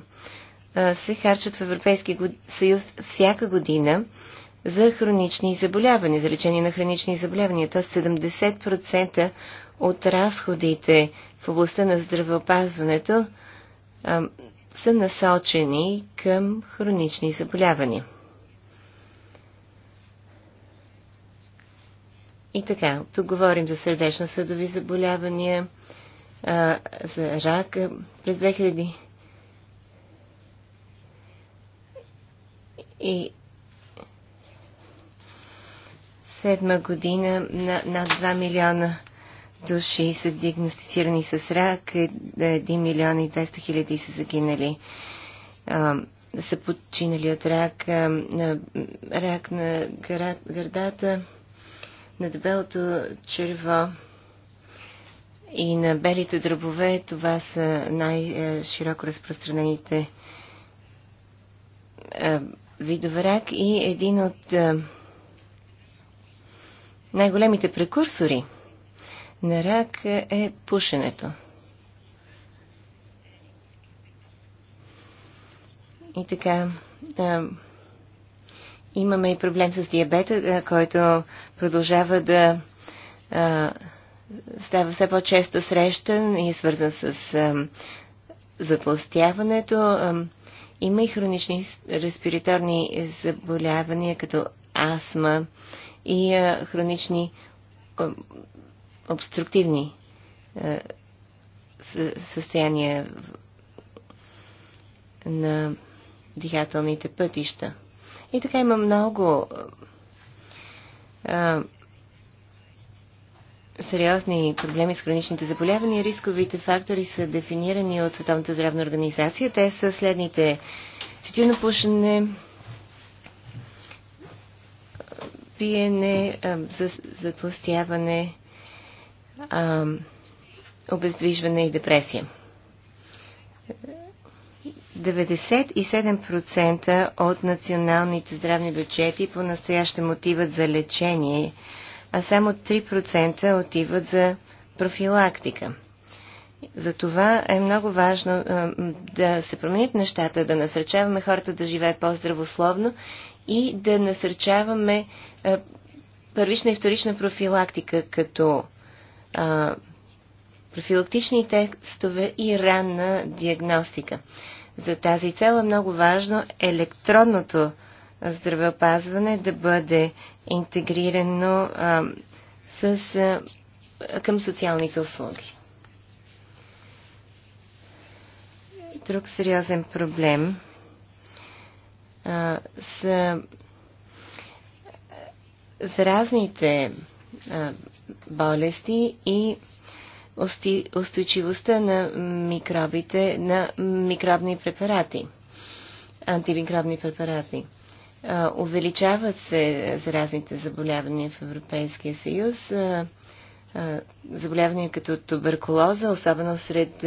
се харчат в Европейския съюз всяка година за хронични заболявания, за лечение на хронични заболявания. Тоест 70% от разходите в областта на здравеопазването са насочени към хронични заболявания. И така, тук говорим за сърдечно-съдови заболявания, а, за рак през 2000 и седма година на, над 2 милиона души са диагностицирани с рак, 1 е, милион и 200 хиляди са загинали. А, са починали от рак, а, на, рак на гърдата, на дебелото черво и на белите дробове. Това са най-широко разпространените видове рак и един от най-големите прекурсори на рак е пушенето. И така, да, имаме и проблем с диабета, който продължава да а, става все по-често срещан и е свързан с затластяването. има и хронични респираторни заболявания, като астма и а, хронични обструктивни а, състояния на дихателните пътища. И така има много сериозни проблеми с хроничните заболявания, рисковите фактори са дефинирани от Световната здравна организация. Те са следните. Четинопушене, пиене, затластяване, обездвижване и депресия. 97% от националните здравни бюджети по настояще мотиват за лечение – а само 3% отиват за профилактика. Затова е много важно да се променят нещата, да насърчаваме хората да живеят по-здравословно и да насърчаваме първична и вторична профилактика, като профилактични тестове и ранна диагностика. За тази цел е много важно електронното здравеопазване да бъде интегрирано а, с, а, към социалните услуги. Друг сериозен проблем а, са заразните а, болести и устойчивостта на микробите, на микробни препарати, антимикробни препарати. Увеличават се заразните заболявания в Европейския съюз. Заболявания като туберкулоза, особено сред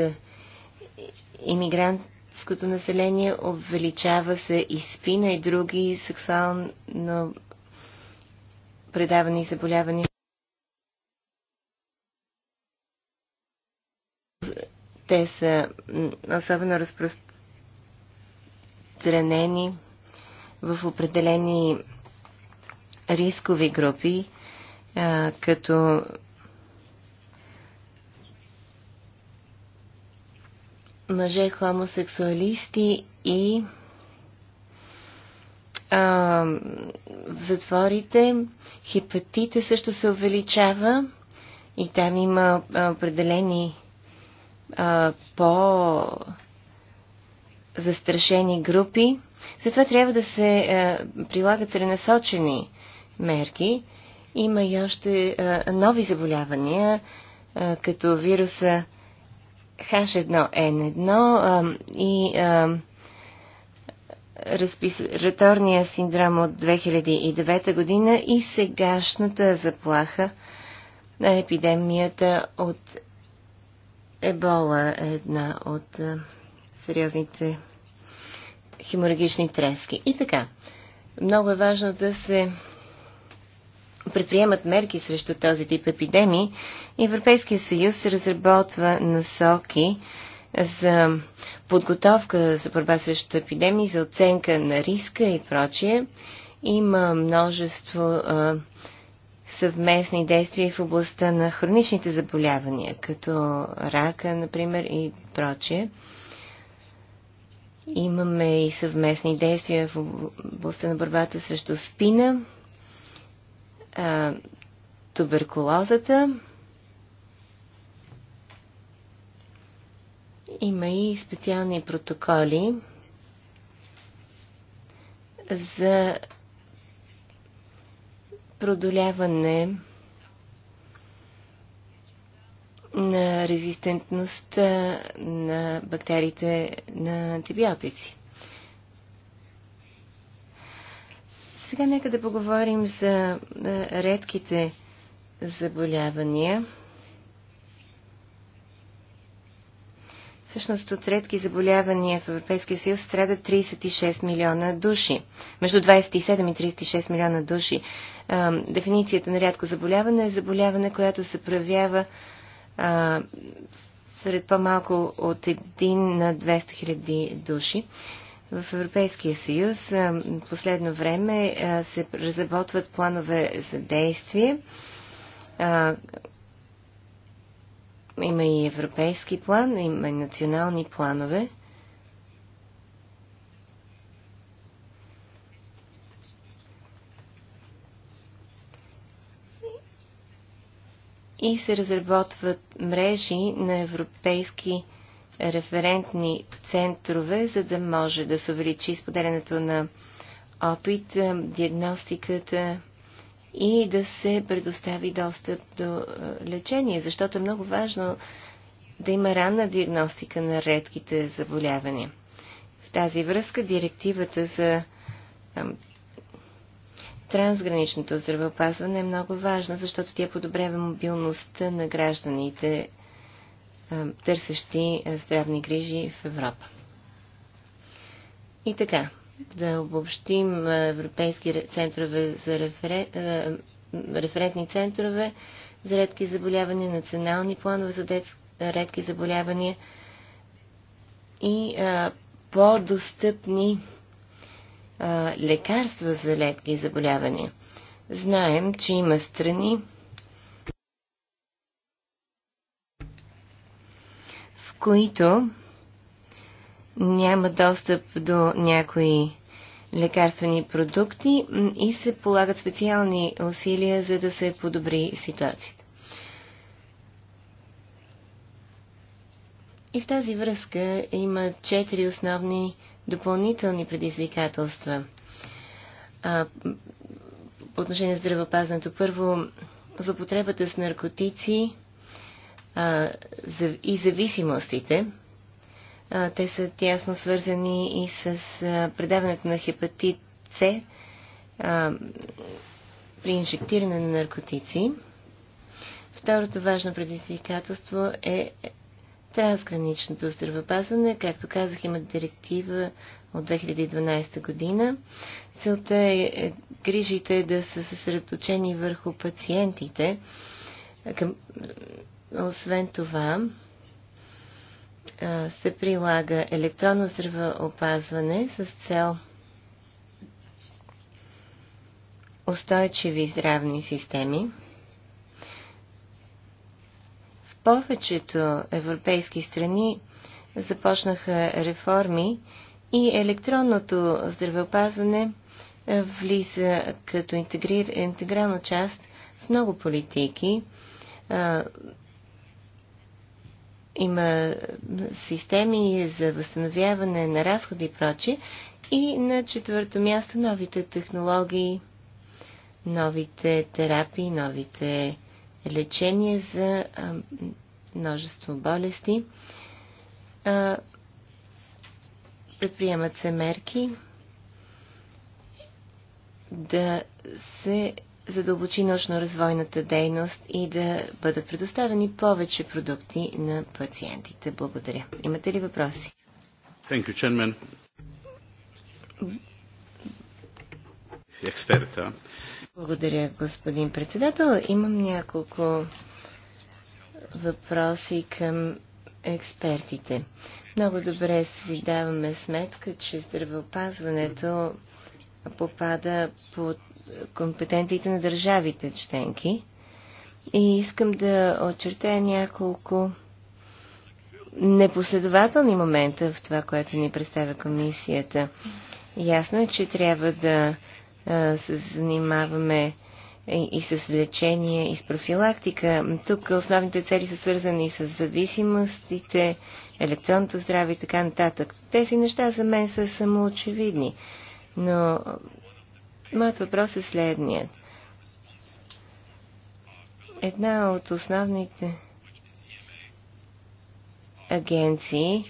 иммигрантското население, увеличава се и спина и други сексуално предавани заболявания. Те са особено разпространени в определени рискови групи, като мъже хомосексуалисти и а, в затворите хепатите също се увеличава и там има определени а, по застрашени групи. Затова трябва да се а, е, прилагат целенасочени мерки. Има и още а, е, нови заболявания, а, е, като вируса H1N1 и респираторния синдром от 2009 година и сегашната заплаха на епидемията от ебола, една от сериозните хеморагични трески. И така, много е важно да се предприемат мерки срещу този тип епидемии. Европейския съюз разработва насоки за подготовка за борба срещу епидемии, за оценка на риска и прочие. Има множество а, съвместни действия в областта на хроничните заболявания, като рака, например, и прочие. Имаме и съвместни действия в областта на борбата срещу спина, туберкулозата. Има и специални протоколи за продоляване на резистентността на бактериите на антибиотици. Сега нека да поговорим за редките заболявания. Всъщност от редки заболявания в Европейския съюз страдат 36 милиона души. Между 27 и 36 милиона души. Дефиницията на рядко заболяване е заболяване, която се проявява а, сред по-малко от 1 на 200 хиляди души. В Европейския съюз а, последно време а, се разработват планове за действие. А, има и европейски план, има и национални планове. и се разработват мрежи на европейски референтни центрове, за да може да се увеличи споделянето на опит, е, диагностиката и да се предостави достъп до е, лечение, защото е много важно да има ранна диагностика на редките заболявания. В тази връзка директивата за е, трансграничното здравеопазване е много важна, защото тя подобрява мобилността на гражданите, е, търсещи е, здравни грижи в Европа. И така, да обобщим е, европейски центрове за рефер... референтни центрове за редки заболявания, национални планове за дет... редки заболявания и по-достъпни а, лекарства за редки заболявания. Знаем, че има страни, в които няма достъп до някои лекарствени продукти и се полагат специални усилия, за да се подобри ситуацията. И в тази връзка има четири основни допълнителни предизвикателства. А, по отношение на здравеопазването, първо, злопотребата с наркотици а, и зависимостите, а, те са тясно свързани и с а, предаването на хепатит С а, при инжектиране на наркотици. Второто важно предизвикателство е трансграничното здравеопазване. Както казах, има директива от 2012 година. Целта е, е грижите да са съсредоточени върху пациентите. Освен това, се прилага електронно здравеопазване с цел устойчиви здравни системи повечето европейски страни започнаха реформи и електронното здравеопазване е, влиза като интегрир, интегрална част в много политики. А, е, има системи за възстановяване на разходи и прочи. И на четвърто място новите технологии, новите терапии, новите лечение за множество болести. предприемат се мерки да се задълбочи научно-развойната дейност и да бъдат предоставени повече продукти на пациентите. Благодаря. Имате ли въпроси? Thank you, Chairman. Експерта. Благодаря, господин председател. Имам няколко въпроси към експертите. Много добре си даваме сметка, че здравеопазването попада под компетентите на държавите членки. И искам да очертая няколко непоследователни момента в това, което ни представя комисията. Ясно е, че трябва да се занимаваме и с лечение, и с профилактика. Тук основните цели са свързани с зависимостите, електронното здраве и така нататък. Тези неща за мен са самоочевидни. Но моят въпрос е следният. Една от основните агенции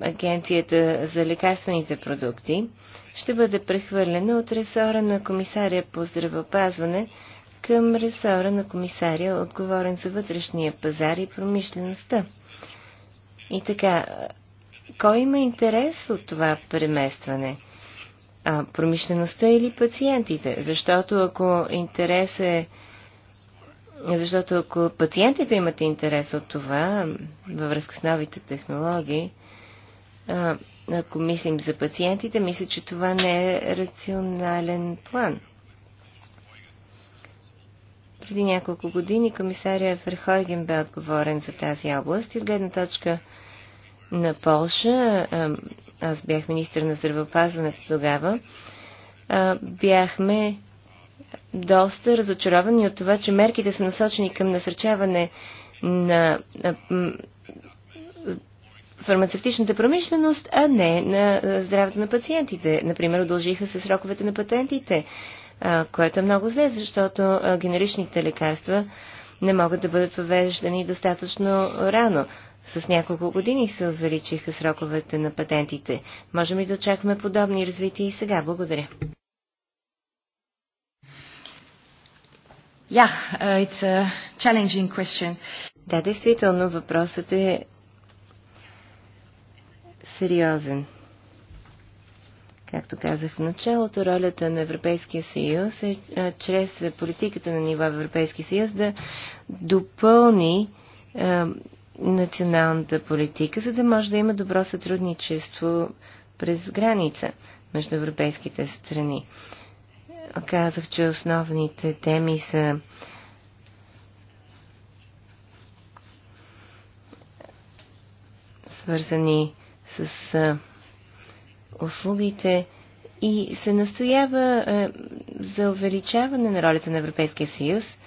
Агенцията за лекарствените продукти ще бъде прехвърлена от ресора на комисаря по здравеопазване към ресора на комисаря, отговорен за вътрешния пазар и промишлеността. И така, кой има интерес от това преместване? А, промишлеността или пациентите? Защото ако интерес е защото ако пациентите имат интерес от това, във връзка с новите технологии, а, ако мислим за пациентите, мисля, че това не е рационален план. Преди няколко години комисария Ферхойген бе отговорен за тази област и от гледна точка на Полша, аз бях министр на здравеопазването тогава, бяхме доста разочаровани от това, че мерките са насочени към насърчаване на фармацевтичната промишленост, а не на здравето на пациентите. Например, удължиха се сроковете на патентите, което е много зле, защото генеричните лекарства не могат да бъдат въвеждани достатъчно рано. С няколко години се увеличиха сроковете на патентите. Можем и да очакваме подобни развития и сега. Благодаря. Yeah, uh, it's a challenging question. Да, действително въпросът е сериозен. Както казах в началото, ролята на Европейския съюз е а, чрез политиката на ниво Европейски съюз да допълни а, националната политика, за да може да има добро сътрудничество през граница между европейските страни. Казах, че основните теми са свързани с а, услугите и се настоява а, за увеличаване на ролята на Европейския съюз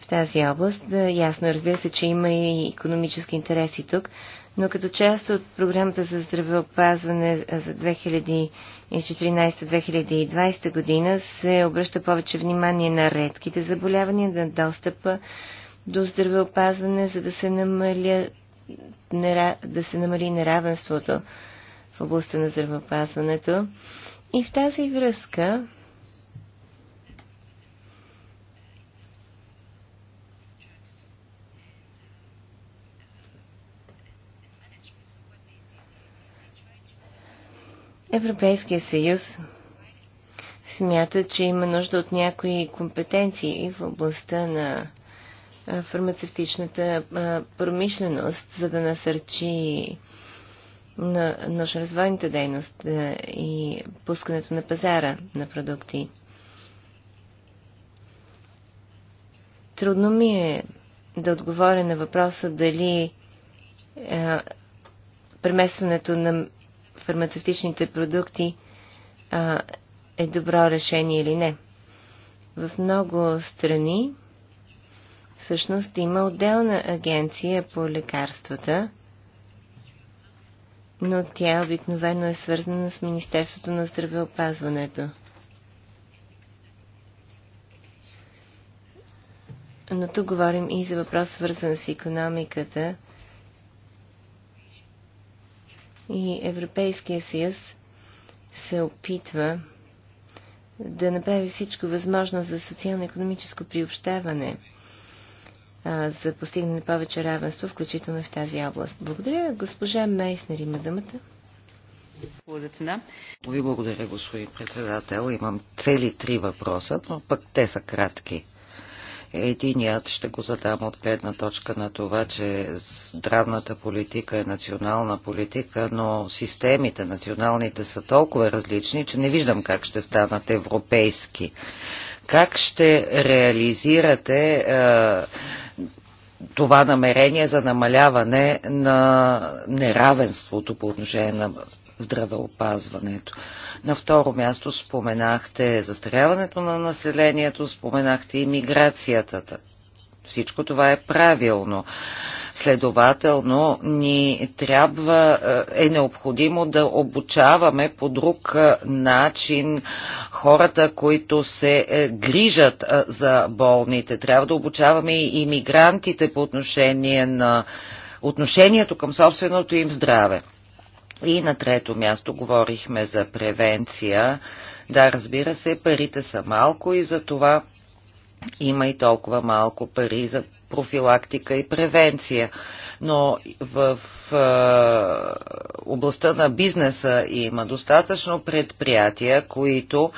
в тази област. Да, ясно, е, разбира се, че има и економически интереси тук, но като част от програмата за здравеопазване за 2014-2020 година се обръща повече внимание на редките заболявания, на достъпа до здравеопазване, за да се намалят да се намали неравенството в областта на здравеопазването. И в тази връзка Европейския съюз смята, че има нужда от някои компетенции в областта на фармацевтичната промишленост, за да насърчи на научно-развойната дейност и пускането на пазара на продукти. Трудно ми е да отговоря на въпроса дали е, преместването на фармацевтичните продукти е, е добро решение или не. В много страни Всъщност има отделна агенция по лекарствата, но тя обикновено е свързана с Министерството на здравеопазването. Но тук говорим и за въпрос, свързан с економиката и Европейския съюз се опитва да направи всичко възможно за социално-економическо приобщаване – за постигане повече равенство, включително в тази област. Благодаря. Госпожа Мейснер има думата. Ви благодаря, господин председател. Имам цели три въпроса, но пък те са кратки. Единият ще го задам от гледна точка на това, че здравната политика е национална политика, но системите националните са толкова различни, че не виждам как ще станат европейски. Как ще реализирате е, това намерение за намаляване на неравенството по отношение на здравеопазването. На второ място споменахте застаряването на населението, споменахте и миграцията. Всичко това е правилно. Следователно, ни трябва, е, е необходимо да обучаваме по друг е, начин хората, които се е, грижат за болните. Трябва да обучаваме и иммигрантите по отношение на отношението към собственото им здраве. И на трето място говорихме за превенция. Да, разбира се, парите са малко и за това има и толкова малко пари за профилактика и превенция. Но в е, областта на бизнеса има достатъчно предприятия, които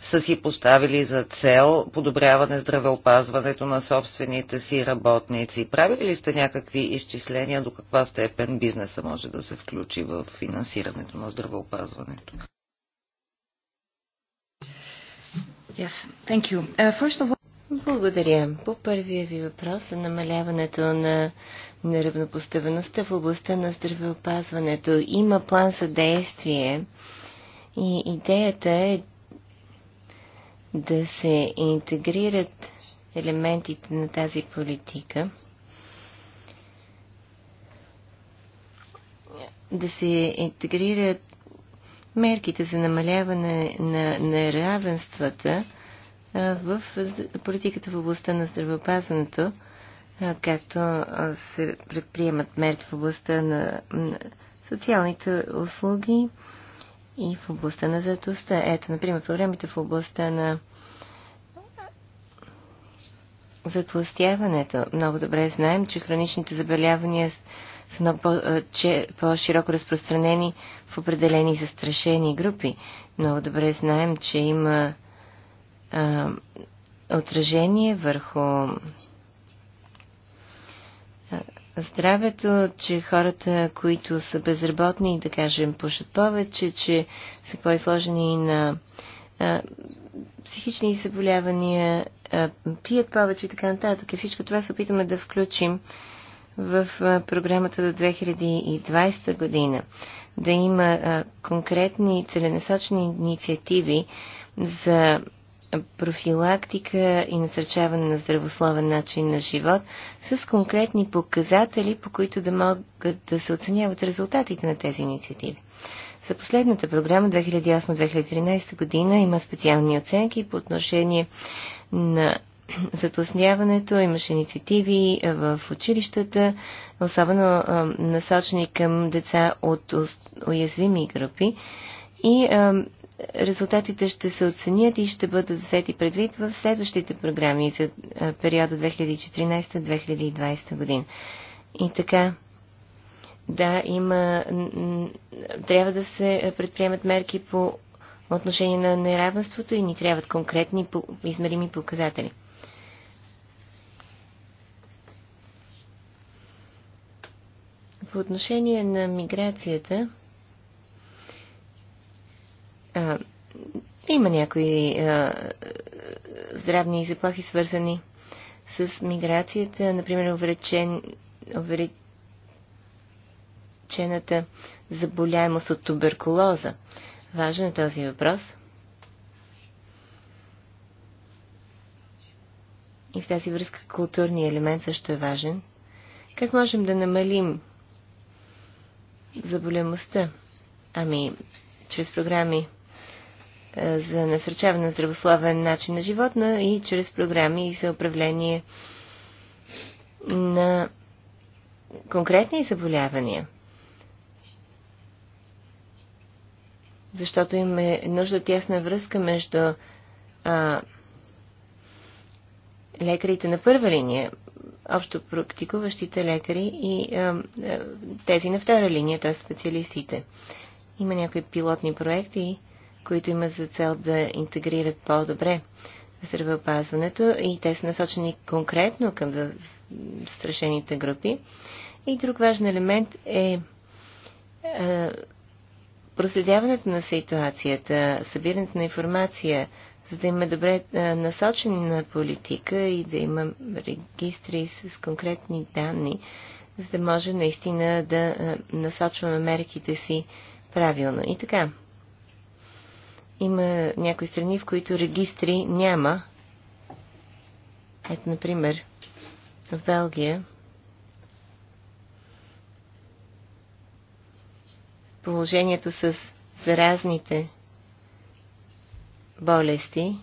са си поставили за цел подобряване здравеопазването на собствените си работници. Правили ли сте някакви изчисления до каква степен бизнеса може да се включи в финансирането на здравеопазването? Yes, thank you. Uh, first of all... Благодаря. По първия ви въпрос за намаляването на неравнопоставеността в областта на здравеопазването има план за действие и идеята е да се интегрират елементите на тази политика, да се интегрират мерките за намаляване на неравенствата, в политиката в областта на здравеопазването, както се предприемат мерки в областта на социалните услуги и в областта на заедостта. Ето, например, програмите в областта на затластяването. Много добре знаем, че хроничните заболявания са много по-широко разпространени в определени застрашени групи. Много добре знаем, че има а, отражение върху здравето, че хората, които са безработни, да кажем, пушат повече, че са по-изложени на а, психични заболявания, а, пият повече и така нататък. И всичко това се опитаме да включим в а, програмата до 2020 година. Да има а, конкретни целенасочени инициативи за профилактика и насърчаване на здравословен начин на живот с конкретни показатели, по които да могат да се оценяват резултатите на тези инициативи. За последната програма 2008-2013 година има специални оценки по отношение на затлъсняването. Имаше инициативи в училищата, особено насочени към деца от уязвими групи. И резултатите ще се оценят и ще бъдат взети предвид в следващите програми за периода 2014-2020 година. И така, да, има, трябва да се предприемат мерки по отношение на неравенството и ни трябват конкретни измерими показатели. По отношение на миграцията, а, има някои а, здравни заплахи, свързани с миграцията, например, увеличен, увеличената заболяемост от туберкулоза. Важен е този въпрос. И в тази връзка културния елемент също е важен. Как можем да намалим заболемостта? Ами, чрез програми е, за насърчаване на здравословен начин на живот, но и чрез програми за управление на конкретни заболявания. Защото им е нужда тясна връзка между а, лекарите на първа линия, общо практикуващите лекари и а, тези на втора линия, т.е. специалистите. Има някои пилотни проекти, които имат за цел да интегрират по-добре здравеопазването и те са насочени конкретно към застрашените групи. И друг важен елемент е, е проследяването на ситуацията, събирането на информация, за да има добре е, насочени на политика и да има регистри с конкретни данни, за да може наистина да е, насочваме мерките си правилно. И така, има някои страни, в които регистри няма. Ето, например, в Белгия положението с заразните болести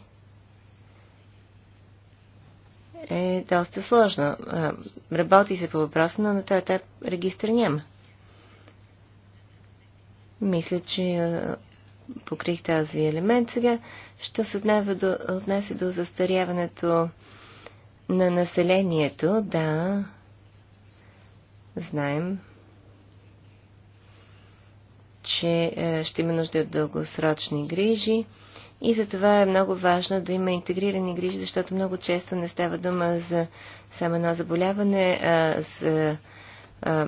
е доста сложно. Работи се по въпроса, но на този етап регистр няма. Мисля, че покрих този елемент. Сега, що се отнася до, отнася до застаряването на населението, да, знаем, че е, ще има нужда от дългосрочни грижи и за това е много важно да има интегрирани грижи, защото много често не става дума за само едно заболяване, а за а,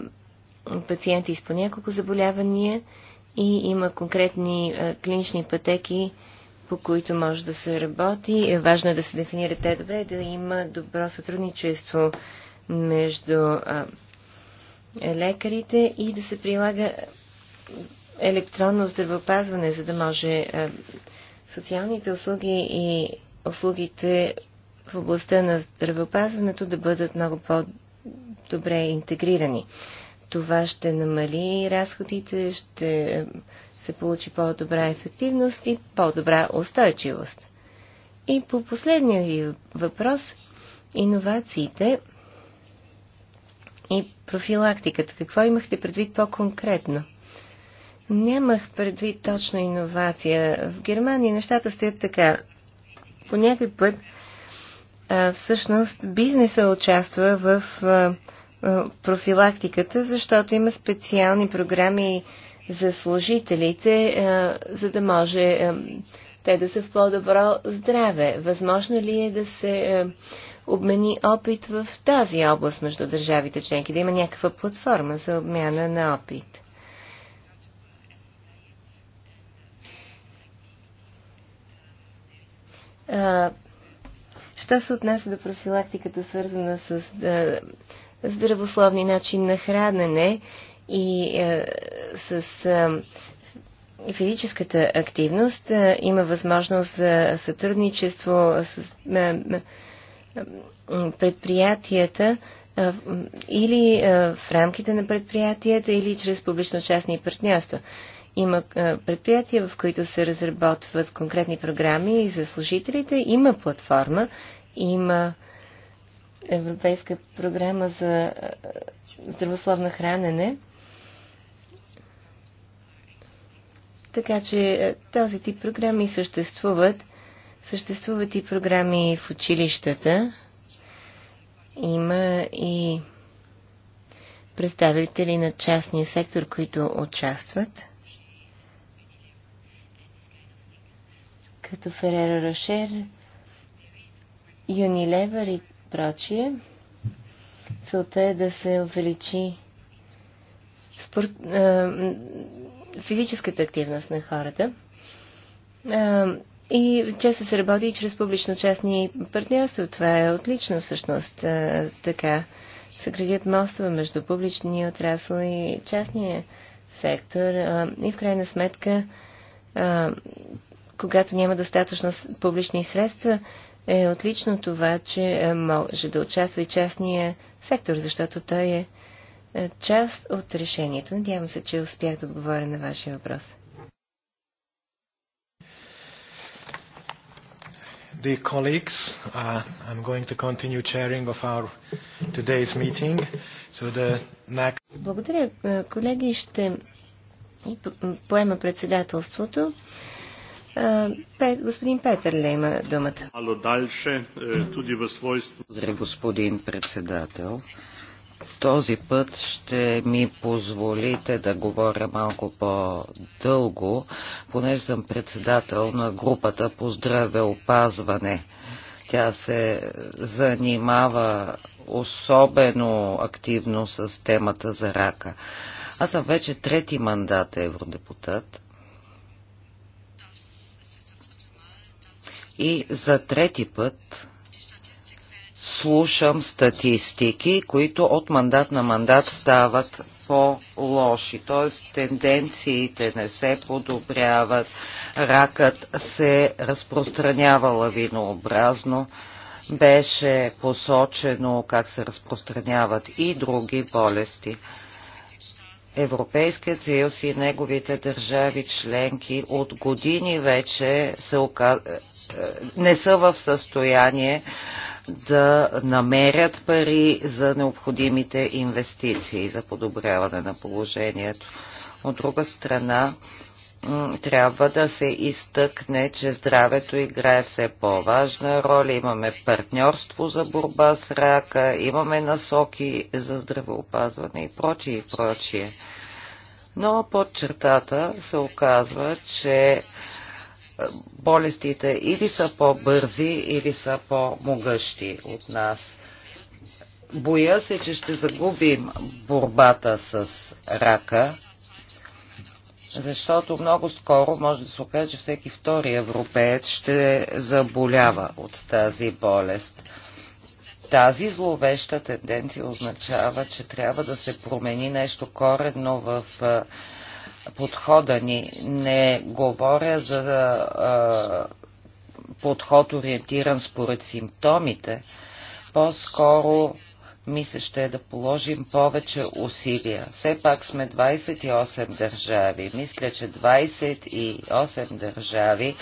пациенти с по няколко заболявания и има конкретни е, клинични пътеки, по които може да се работи. Е важно е да се дефинират те добре и да има добро сътрудничество между лекарите и да се прилага електронно здравеопазване, за да може социалните услуги и услугите в областта на здравеопазването да бъдат много по-добре интегрирани. Това ще намали разходите, ще се получи по-добра ефективност и по-добра устойчивост. И по последния ви въпрос, иновациите и профилактиката. Какво имахте предвид по-конкретно? Нямах предвид точно иновация. В Германия нещата стоят така. По някой път а, всъщност бизнеса участва в а, е, профилактиката, защото има специални програми за служителите, е, за да може е, те да са в по-добро здраве. Възможно ли е да се обмени опит в тази област между държавите членки, да има някаква платформа за обмяна на опит? Що се отнася до профилактиката, свързана с здравословни начин на хранене и е, с е, физическата активност е, има възможност за сътрудничество с е, е предприятията е, или е, в рамките на предприятията, или чрез публично-частни партньорства. Има предприятия, в които се разработват конкретни програми за служителите, има платформа, има европейска програма за е, здравословно хранене. Така че е, този тип програми съществуват. Съществуват и програми в училищата. Има и представители на частния сектор, които участват. Като Ферера Рошер, Юнилевър и прочие. Целта е да се увеличи спорт, е, физическата активност на хората. Е, и често се работи и чрез публично-частни партньорства. Това е отлично всъщност. Е, така се градят мостове между публичния отрасъл и частния сектор. Е, и в крайна сметка, е, когато няма достатъчно публични средства, е отлично това, че е, може да участва и частния сектор, защото той е, е част от решението. Надявам се, че успях да отговоря на вашия въпрос. Dear colleagues, uh, I'm going to continue chairing of our today's meeting. So the next... Благодаря, е, колеги. Ще поема председателството. Е, господин Петър ли има думата? Благодаря дальше, е, туди във свойство. господин председател. Този път ще ми позволите да говоря малко по-дълго, понеже съм председател на групата по здравеопазване. Тя се занимава особено активно с темата за рака. Аз съм вече трети мандат евродепутат и за трети път слушам статистики, които от мандат на мандат стават по-лоши, т.е. тенденциите не се подобряват, ракът се разпространява лавинообразно, беше посочено как се разпространяват и други болести. Европейският съюз и неговите държави членки от години вече се е, е, не са в състояние да намерят пари за необходимите инвестиции за подобряване на положението. От друга страна, трябва да се изтъкне, че здравето играе все по-важна роля. Имаме партньорство за борба с рака, имаме насоки за здравеопазване и прочие и прочие. Но под чертата се оказва, че е, болестите или са по-бързи, или са по-могъщи от нас. Боя се, че ще загубим борбата с рака, защото много скоро може да се окаже, че всеки втори европеец ще заболява от тази болест. Тази зловеща тенденция означава, че трябва да се промени нещо коренно в подхода ни. Не говоря за подход ориентиран според симптомите, по-скоро се ще е да положим повече усилия. Все пак сме 28 държави. Мисля, че 28 държави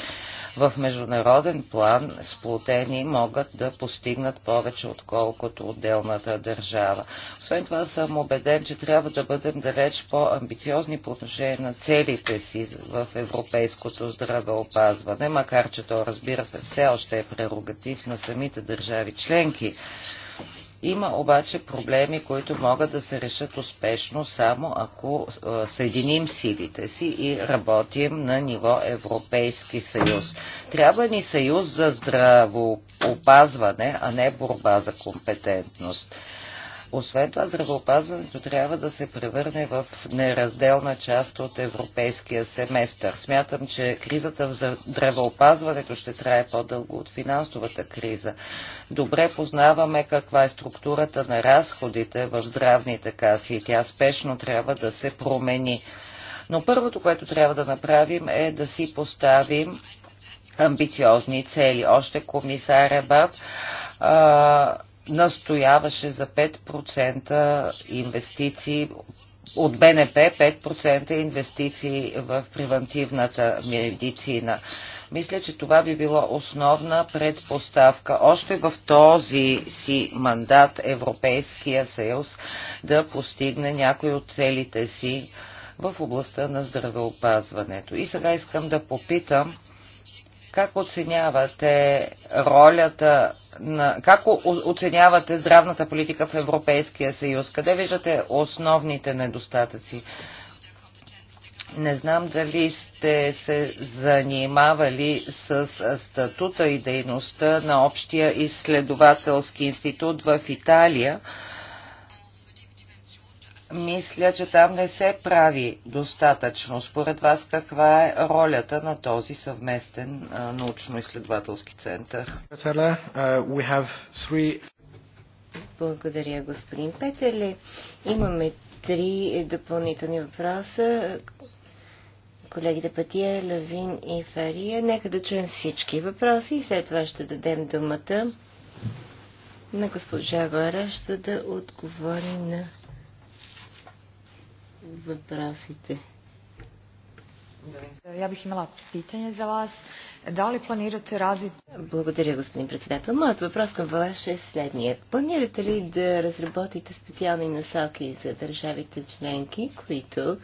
в международен план сплотени могат да постигнат повече, отколкото отделната държава. Освен това съм убеден, че трябва да бъдем далеч по-амбициозни по отношение на целите си в европейското здравеопазване, макар че то, разбира се, все още е прерогатив на самите държави членки има обаче проблеми, които могат да се решат успешно само ако съединим силите си и работим на ниво Европейски съюз. Трябва ни съюз за здравоопазване, а не борба за компетентност. Освен това, здравеопазването трябва да се превърне в неразделна част от европейския семестър. Смятам, че кризата в здравеопазването ще трае по-дълго от финансовата криза. Добре познаваме каква е структурата на разходите в здравните каси и тя спешно трябва да се промени. Но първото, което трябва да направим е да си поставим амбициозни цели. Още комисаря Баб настояваше за 5% инвестиции от БНП 5% инвестиции в превентивната медицина. Мисля, че това би било основна предпоставка още в този си мандат Европейския съюз да постигне някои от целите си в областта на здравеопазването. И сега искам да попитам как оценявате ролята на... Как оценявате здравната политика в Европейския съюз? Къде виждате основните недостатъци? Не знам дали сте се занимавали с статута и дейността на Общия изследователски институт в Италия, мисля, че там не се прави достатъчно. Според вас каква е ролята на този съвместен научно-изследователски център? Благодаря, господин Петеле. Имаме три допълнителни въпроса. Колегите Патия, Лавин и Фария. Нека да чуем всички въпроси и след това ще дадем думата на госпожа за да отговори на въпросите. Я бих имала питание за вас. Да ли планирате рази... Благодаря, господин председател. Моят въпрос към вас е следния. Планирате ли да разработите специални насоки за държавите членки, които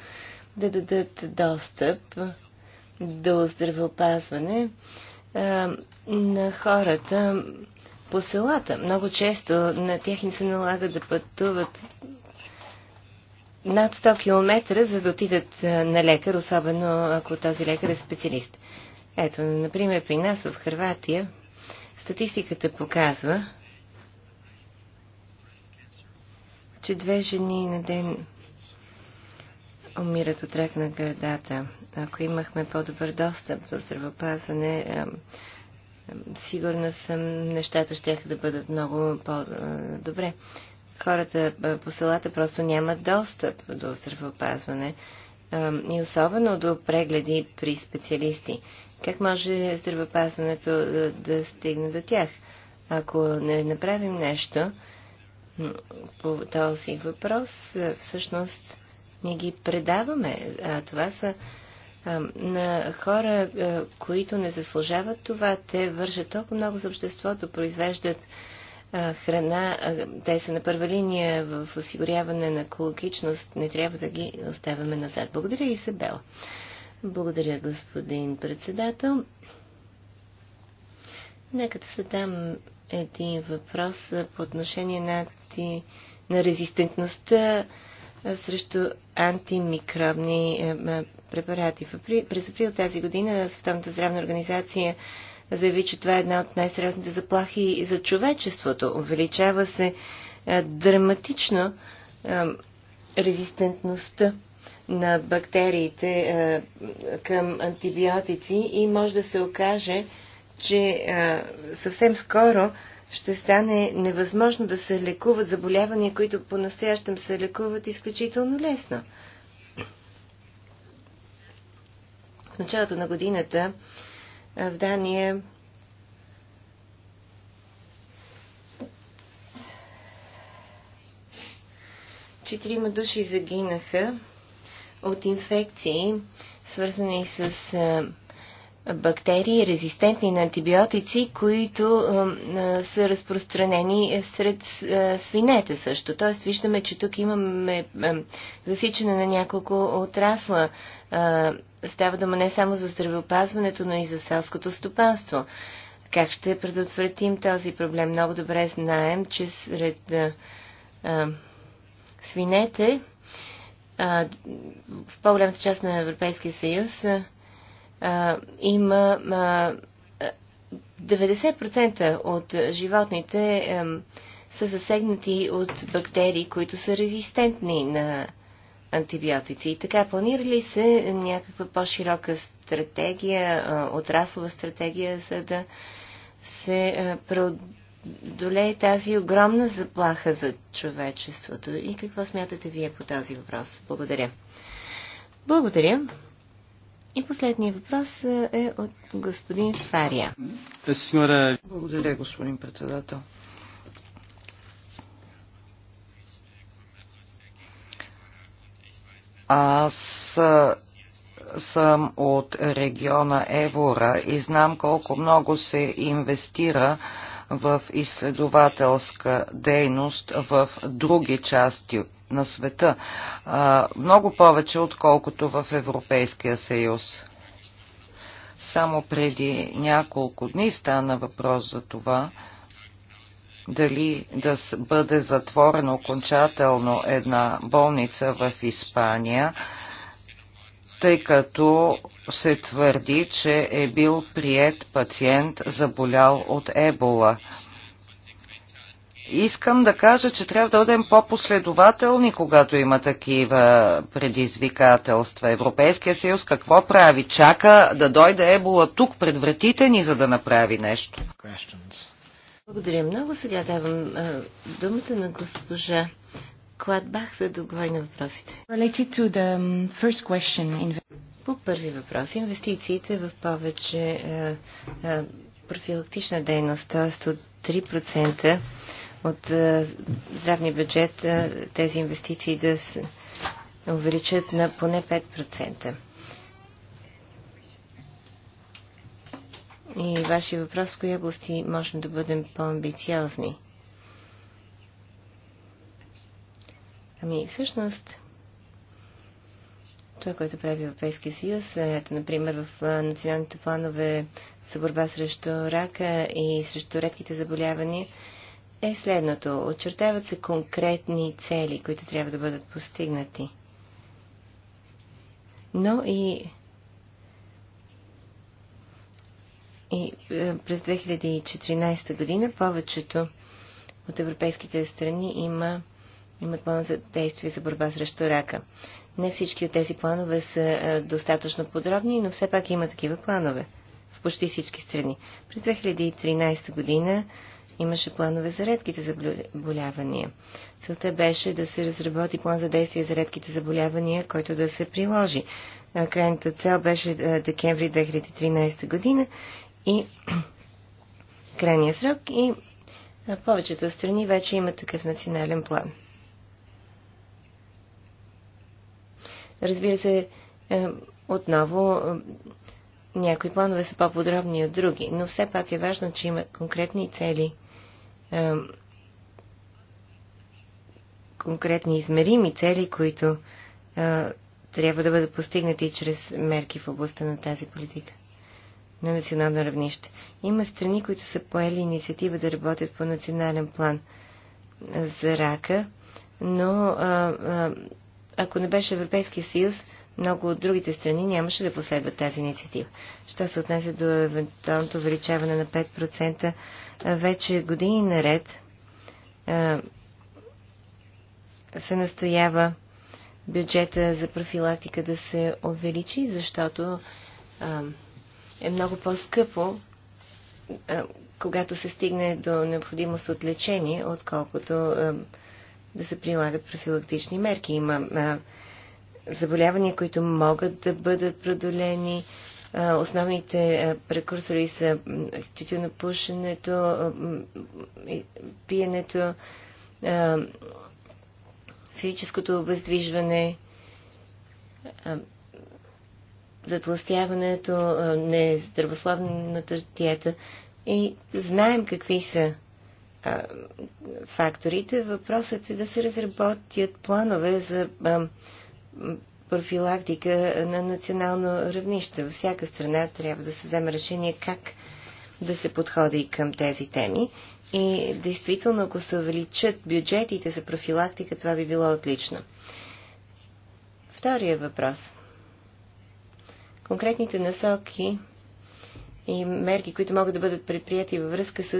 да дадат достъп до здравеопазване а, на хората по селата? Много често на тях им се налага да пътуват над 100 км, за да отидат на лекар, особено ако този лекар е специалист. Ето, например, при нас в Хрватия статистиката показва, че две жени на ден умират от рак на гърдата. Ако имахме по-добър достъп до здравеопазване, сигурна съм, нещата ще да бъдат много по-добре хората по селата просто нямат достъп до здравеопазване и особено до прегледи при специалисти. Как може здравеопазването да, стигне до тях? Ако не направим нещо по този въпрос, всъщност не ги предаваме. А това са на хора, които не заслужават това. Те вършат толкова много за обществото, произвеждат храна, те са на първа линия в осигуряване на екологичност, не трябва да ги оставяме назад. Благодаря, Изабела. Благодаря, господин председател. Нека да задам един въпрос по отношение на, анти... на резистентността срещу антимикробни препарати. През април тази година Световната здравна организация заяви, че това е една от най-сериозните заплахи за човечеството. Увеличава се е, драматично е, резистентността на бактериите е, към антибиотици и може да се окаже, че съвсем скоро ще стане невъзможно да се лекуват заболявания, които по-настоящем се лекуват изключително лесно. В началото на годината в Дания четирима души загинаха от инфекции, свързани с бактерии, резистентни на антибиотици, които а, са разпространени сред а, свинете също. Тоест виждаме, че тук имаме а, засичане на няколко отрасла. А, става дума не само за здравеопазването, но и за селското стопанство. Как ще предотвратим този проблем? Много добре знаем, че сред а, а, свинете а, в по-голямата част на Европейския съюз а, а, има а, 90% от животните а, са засегнати от бактерии, които са резистентни на антибиотици. И така, планира ли се някаква по-широка стратегия, отраслова стратегия, за да се е, преодолее тази огромна заплаха за човечеството? И какво смятате вие по този въпрос? Благодаря. Благодаря. И последният въпрос е, е от господин Фария. Благодаря, господин председател. Аз съм от региона Евора и знам колко много се инвестира в изследователска дейност в други части на света. А, много повече, отколкото в Европейския съюз. Само преди няколко дни стана въпрос за това, дали да бъде затворена окончателно една болница в Испания, тъй като се твърди, че е бил прият пациент заболял от ебола. Искам да кажа, че трябва да бъдем по-последователни, когато има такива предизвикателства. Европейския съюз какво прави? Чака да дойде ебола тук пред вратите ни, за да направи нещо. Благодаря много. Сега давам а, думата на госпожа Кладбах, за да отговори на въпросите. Question... По първи въпрос, инвестициите в повече а, а, профилактична дейност, т.е. от 3% от е, здравния бюджет е, тези инвестиции да се увеличат на поне 5%. И вашия въпрос, в кои области можем да бъдем по-амбициозни? Ами, всъщност, това, което прави Европейския съюз, е, ето, например, в националните планове за борба срещу рака и срещу редките заболявания, е следното. Очертават се конкретни цели, които трябва да бъдат постигнати. Но и, и е, през 2014 година повечето от европейските страни има, имат план за действие за борба срещу рака. Не всички от тези планове са е, достатъчно подробни, но все пак има такива планове в почти всички страни. През 2013 година имаше планове за редките заболявания. Целта беше да се разработи план за действие за редките заболявания, който да се приложи. Крайната цел беше декември 2013 година и крайния срок и повечето страни вече има такъв национален план. Разбира се, отново някои планове са по-подробни от други, но все пак е важно, че има конкретни цели конкретни измерими цели, които а, е, трябва да бъдат постигнати чрез мерки в областта на тази политика на национално равнище. Има страни, които са поели инициатива да работят по национален план за рака, но а, е, а, е, ако не беше Европейския съюз, много от другите страни нямаше да последват тази инициатива. Що се отнася до евентуалното увеличаване на 5%, вече години наред се настоява бюджета за профилактика да се увеличи, защото е много по-скъпо, когато се стигне до необходимост от лечение, отколкото да се прилагат профилактични мерки. Има заболявания, които могат да бъдат продолени. Основните прекурсори са тютюнопушенето, пиенето, физическото обездвижване, затластяването, нездравословната диета. И знаем какви са факторите. Въпросът е да се разработят планове за а, профилактика на национално равнище. Във всяка страна трябва да се вземе решение как да се подходи към тези теми. И действително, ако се увеличат бюджетите за профилактика, това би било отлично. Втория въпрос. Конкретните насоки и мерки, които могат да бъдат предприяти във връзка с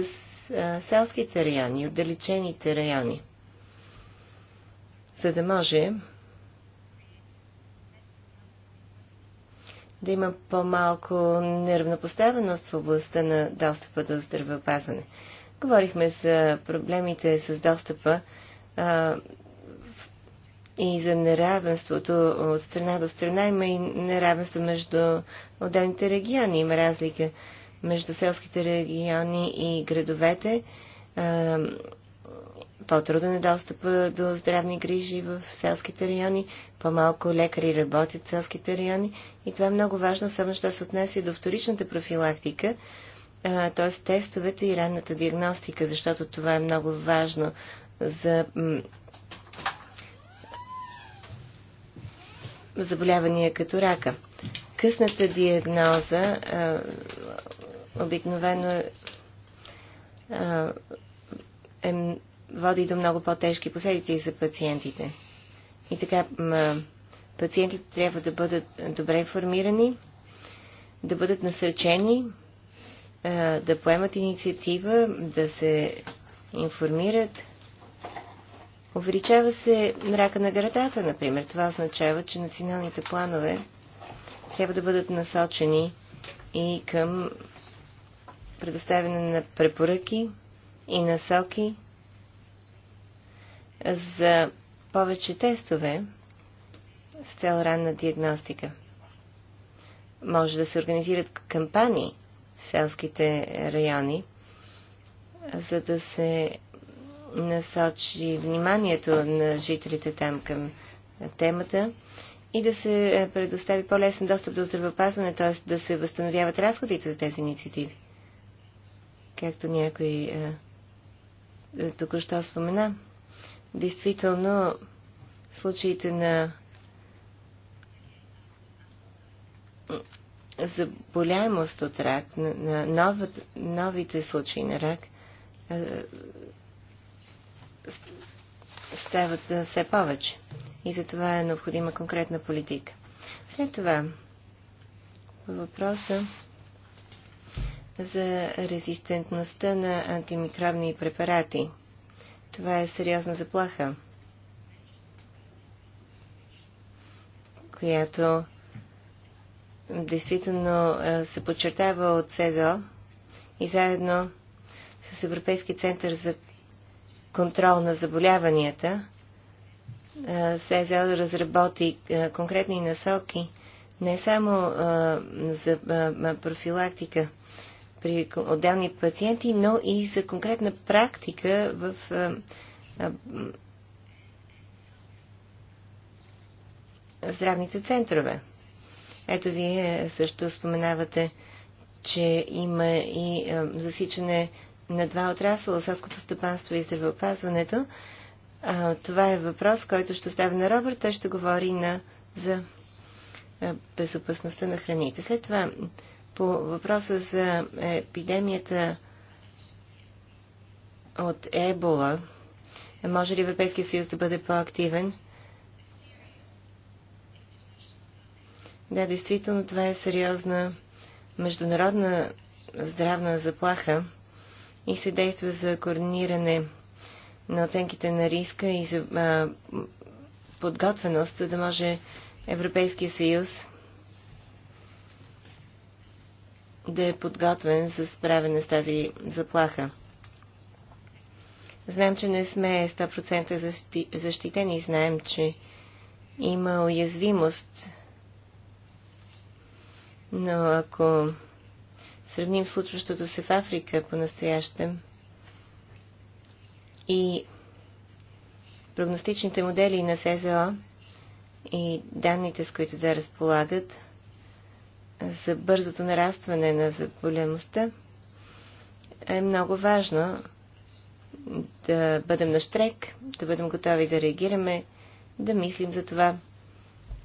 а, селските райони, отдалечените райони, за да може да има по-малко неравнопоставеност в областта на достъпа до здравеопазване. Говорихме за проблемите с достъпа а, и за неравенството от страна до страна. Има и неравенство между отделните региони. Има разлика между селските региони и градовете. А, по-труден е достъп до здравни грижи в селските райони, по-малко лекари работят в селските райони и това е много важно, особено що се отнася до вторичната профилактика, т.е. тестовете и ранната диагностика, защото това е много важно за заболявания като рака. Късната диагноза обикновено е, е води до много по-тежки последици за пациентите. И така, пациентите трябва да бъдат добре информирани, да бъдат насърчени, да поемат инициатива, да се информират. Увеличава се рака на градата, например. Това означава, че националните планове трябва да бъдат насочени и към предоставяне на препоръки и насоки за повече тестове с цел ранна диагностика. Може да се организират кампании в селските райони, за да се насочи вниманието на жителите там към темата и да се предостави по-лесен достъп до здравеопазване, т.е. да се възстановяват разходите за тези инициативи. Както някой е, е току-що спомена. Действително, случаите на заболяемост от рак, на, новът, новите случаи на рак, стават все повече. И за това е необходима конкретна политика. След това, въпроса за резистентността на антимикробни препарати – това е сериозна заплаха, която действително е, се подчертава от СЕЗО и заедно с Европейски център за контрол на заболяванията е, СЕЗО разработи е, конкретни насоки не само за профилактика при отделни пациенти, но и за конкретна практика в здравните центрове. Ето вие също споменавате, че има и засичане на два отрасъла, селското стопанство и здравеопазването. Това е въпрос, който ще оставя на Робърт. Той ще говори на, за безопасността на храните. След това по въпроса за епидемията от Ебола, може ли Европейския съюз да бъде по-активен? Да, действително това е сериозна международна здравна заплаха и се действа за координиране на оценките на риска и за а, подготвеност, за да може Европейския съюз да е подготвен за справяне с тази заплаха. Знам, че не сме 100% защи... защитени знаем, че има уязвимост. Но ако сравним случващото се в Африка по-настоящем и прогностичните модели на СЗО и данните, с които да разполагат, за бързото нарастване на заболемостта, е много важно да бъдем на штрек, да бъдем готови да реагираме, да мислим за това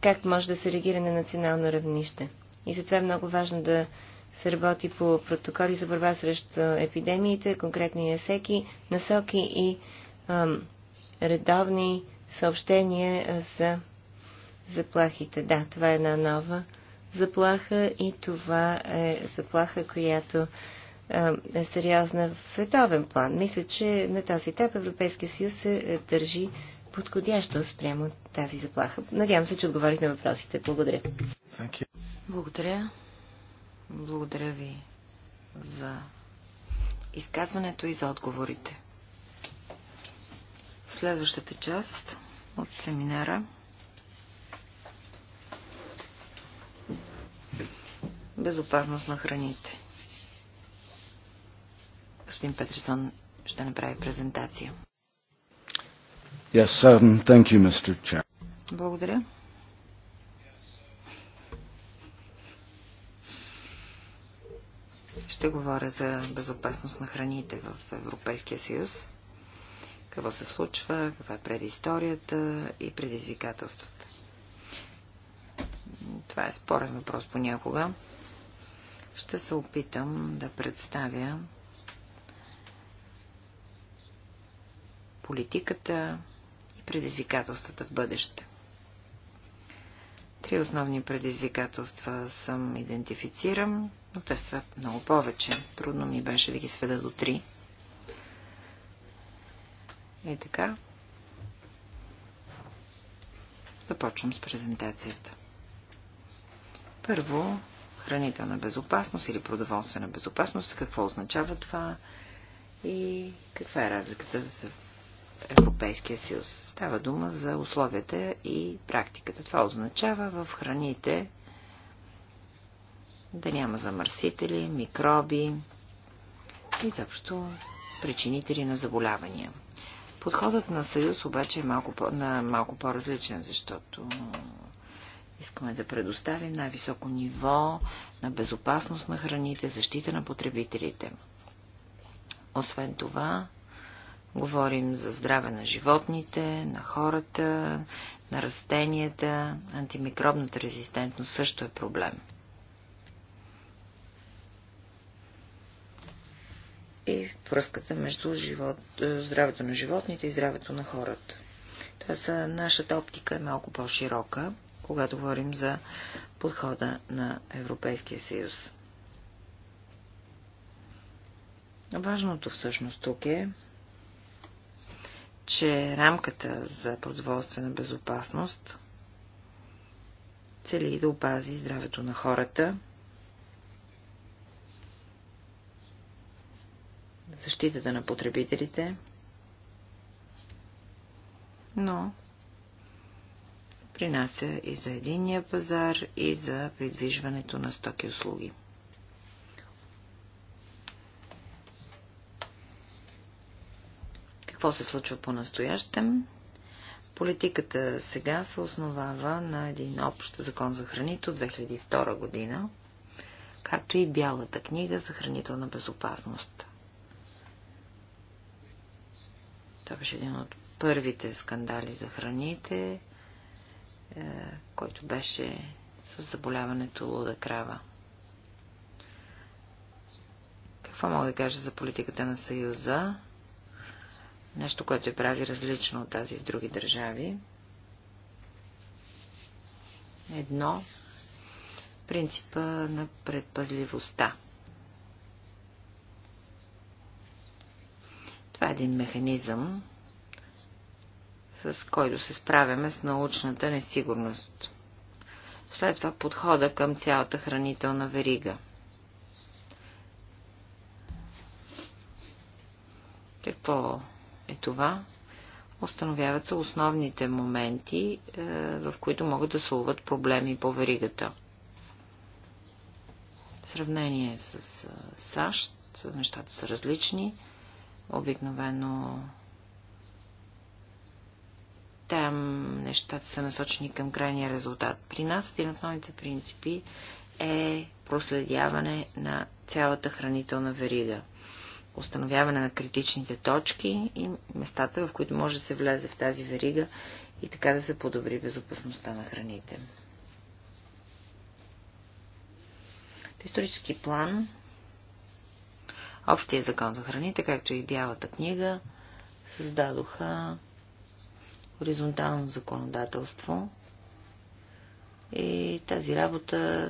как може да се реагира на национално равнище. И затова е много важно да се работи по протоколи за борба срещу епидемиите, конкретни насеки, насоки и ам, редовни съобщения за заплахите. Да, това е една нова заплаха и това е заплаха, която е сериозна в световен план. Мисля, че на този етап Европейския съюз се е, държи подходящо спрямо тази заплаха. Надявам се, че отговорих на въпросите. Благодаря. Благодаря. Благодаря ви за изказването и за отговорите. Следващата част от семинара безопасност на храните. Господин Петерсон ще направи презентация. Yes, um, thank you, Mr. Chair. Благодаря. Ще говоря за безопасност на храните в Европейския съюз. Какво се случва, каква е предисторията и предизвикателствата. Това е спорен въпрос понякога ще се опитам да представя политиката и предизвикателствата в бъдеще. Три основни предизвикателства съм идентифицирам, но те са много повече. Трудно ми беше да ги сведа до три. И така. Започвам с презентацията. Първо, хранителна безопасност или продоволствена безопасност, какво означава това и каква е разликата за Европейския съюз. Става дума за условията и практиката. Това означава в храните да няма замърсители, микроби и заобщо причинители на заболявания. Подходът на Съюз обаче е малко, по, на малко по-различен, защото Искаме да предоставим най-високо ниво на безопасност на храните, защита на потребителите. Освен това, говорим за здраве на животните, на хората, на растенията. Антимикробната резистентност също е проблем. и връзката между живот, е, здравето на животните и здравето на хората. Тоест, нашата оптика е малко по-широка когато говорим за подхода на Европейския съюз. Важното всъщност тук е, че рамката за продоволствена безопасност цели да опази здравето на хората, защитата на потребителите, но допринася и за единния пазар, и за придвижването на стоки услуги. Какво се случва по-настоящем? Политиката сега се основава на един общ закон за храните от 2002 година, както и Бялата книга за хранителна безопасност. Това беше един от първите скандали за храните, е, който беше с заболяването луда крава. Какво мога да кажа за политиката на Съюза? Нещо, което е прави различно от тази в други държави. Едно принципа на предпазливостта. Това е един механизъм, с който се справяме с научната несигурност. След това подхода към цялата хранителна верига. Какво е това? Установяват се основните моменти, е, в които могат да се проблеми по веригата. В сравнение с е, САЩ нещата са различни. Обикновено там нещата са насочени към крайния резултат. При нас един от новите принципи е проследяване на цялата хранителна верига. Установяване на критичните точки и местата, в които може да се влезе в тази верига и така да се подобри безопасността на храните. В исторически план Общия закон за храните, както и Бялата книга, създадоха хоризонтално законодателство и тази работа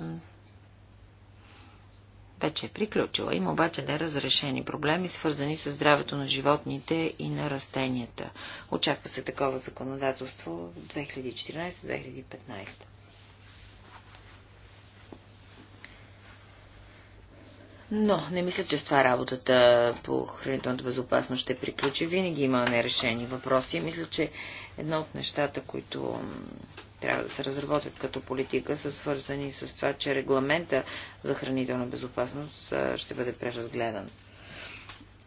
вече е приключила. Има обаче неразрешени проблеми, свързани с здравето на животните и на растенията. Очаква се такова законодателство 2014-2015. Но не мисля, че с това работата по хранителната безопасност ще приключи. Винаги има нерешени въпроси. Мисля, че едно от нещата, които трябва да се разработят като политика, са свързани с това, че регламента за хранителна безопасност ще бъде преразгледан.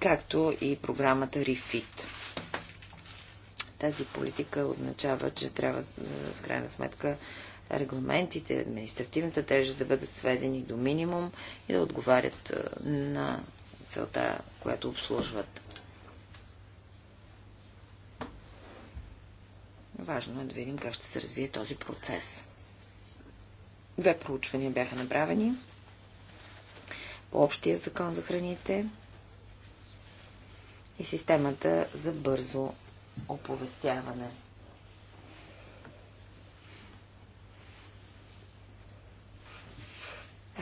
Както и програмата REFIT. Тази политика означава, че трябва в крайна сметка регламентите, административната тежест да бъдат сведени до минимум и да отговарят на целта, която обслужват. Важно е да видим как ще се развие този процес. Две проучвания бяха направени по общия закон за храните и системата за бързо оповестяване.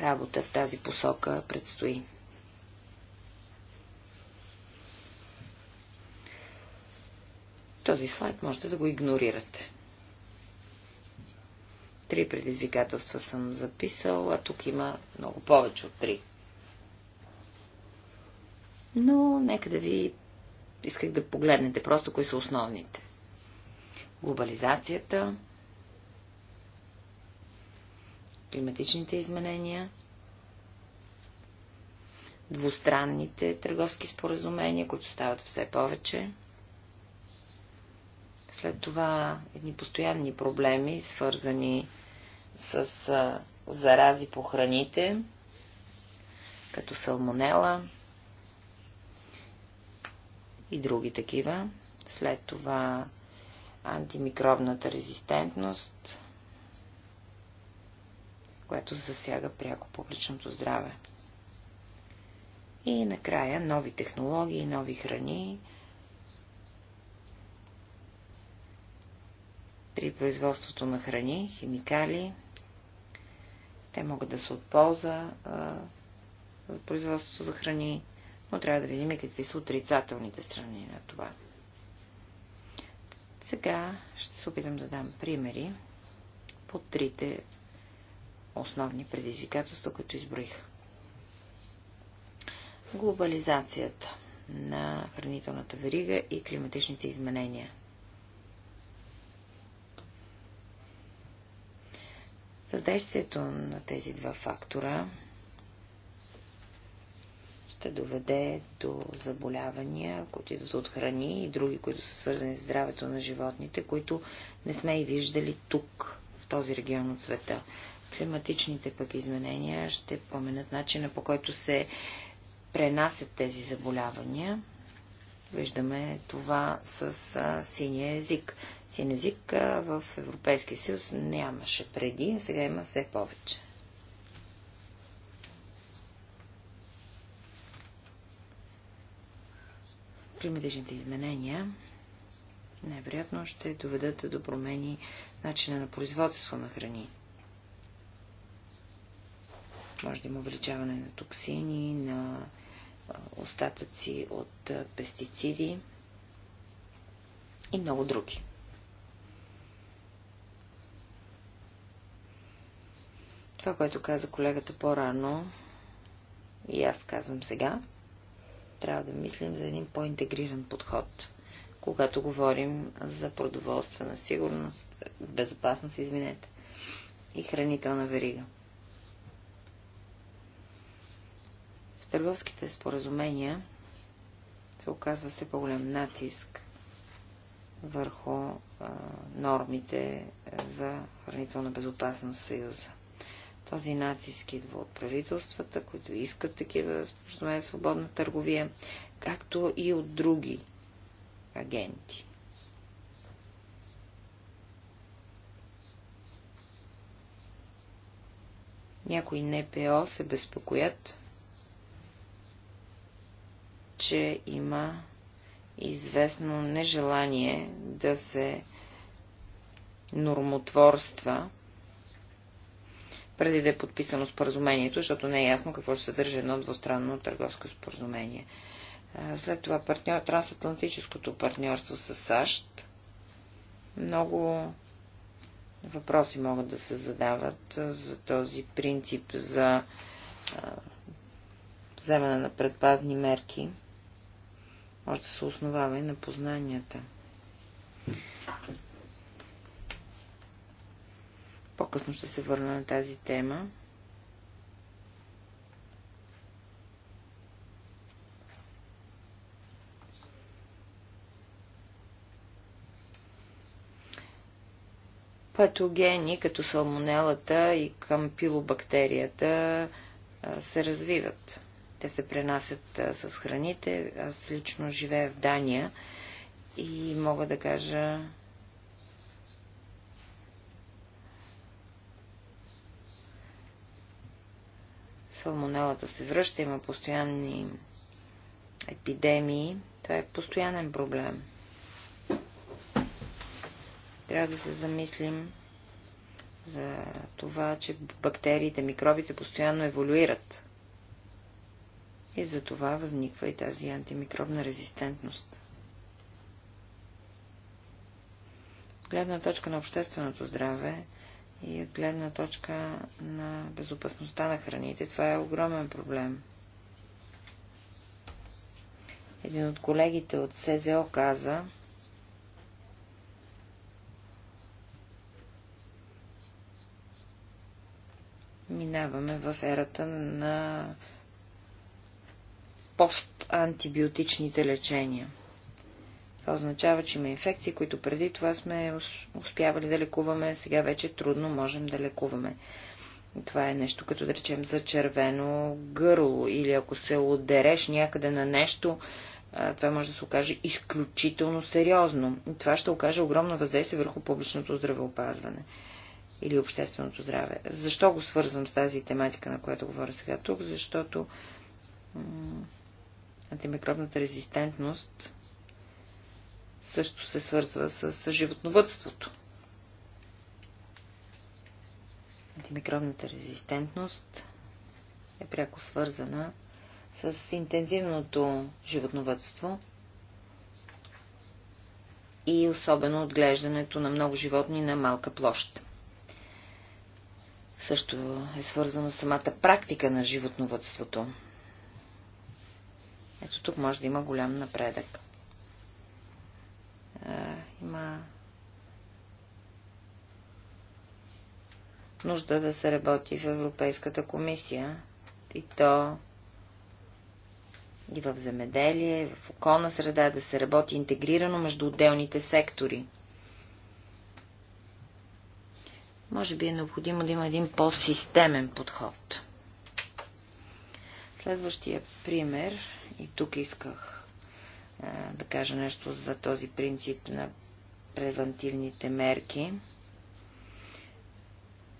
работа в тази посока предстои. Този слайд можете да го игнорирате. Три предизвикателства съм записал, а тук има много повече от три. Но нека да ви исках да погледнете просто кои са основните. Глобализацията, климатичните изменения, двустранните търговски споразумения, които стават все повече. След това едни постоянни проблеми, свързани с зарази по храните, като салмонела и други такива. След това антимикробната резистентност – което засяга пряко публичното здраве. И накрая нови технологии, нови храни, при производството на храни, химикали. Те могат да се от полза производството за храни, но трябва да видим какви са отрицателните страни на това. Сега ще се опитам да дам примери по трите основни предизвикателства, които изброих. Глобализацията на хранителната верига и климатичните изменения. Въздействието на тези два фактора ще доведе до заболявания, които идват от храни и други, които са свързани с здравето на животните, които не сме и виждали тук, в този регион от света. Климатичните пък изменения ще променят начина по който се пренасят тези заболявания. Виждаме това с а, синия език. Син език а, в Европейския съюз нямаше преди, а сега има все повече. Климатичните изменения най-вероятно ще доведат до промени начина на производство на храни. Може да има увеличаване на токсини, на остатъци от пестициди и много други. Това, което каза колегата по-рано, и аз казвам сега, трябва да мислим за един по-интегриран подход, когато говорим за продоволствена сигурност, безопасност, извинете, и хранителна верига. С търговските споразумения се оказва все по-голям натиск върху а, нормите за хранителна безопасност в Съюза. Този натиск идва от правителствата, които искат такива споразумения свободна търговия, както и от други агенти. Някои НПО се безпокоят, че има известно нежелание да се нормотворства преди да е подписано споразумението, защото не е ясно какво ще съдържа едно двустранно търговско споразумение. След това партньор, трансатлантическото партньорство с САЩ. Много въпроси могат да се задават за този принцип за вземане на предпазни мерки може да се основава и на познанията. По-късно ще се върна на тази тема. патогени, като салмонелата и кампилобактерията, се развиват. Те се пренасят с храните. Аз лично живея в Дания и мога да кажа, салмонелата се връща, има постоянни епидемии. Това е постоянен проблем. Трябва да се замислим за това, че бактериите, микробите постоянно еволюират. И за това възниква и тази антимикробна резистентност. От гледна точка на общественото здраве и от гледна точка на безопасността на храните, това е огромен проблем. Един от колегите от СЗО каза, минаваме в ерата на постантибиотичните лечения. Това означава, че има инфекции, които преди това сме успявали да лекуваме, сега вече трудно можем да лекуваме. Това е нещо като да речем за червено гърло или ако се отдереш някъде на нещо, това може да се окаже изключително сериозно. Това ще окаже огромно въздействие върху публичното здравеопазване или общественото здраве. Защо го свързвам с тази тематика, на която говоря сега тук? Защото антимикробната резистентност също се свързва с животновътството. Антимикробната резистентност е пряко свързана с интензивното животновътство и особено отглеждането на много животни на малка площ. Също е свързано с самата практика на животновътството. Ето тук може да има голям напредък. Е, има нужда да се работи в Европейската комисия и то и в земеделие, и в околна среда, да се работи интегрирано между отделните сектори. Може би е необходимо да има един по-системен подход. Следващия пример и тук исках а, да кажа нещо за този принцип на превентивните мерки.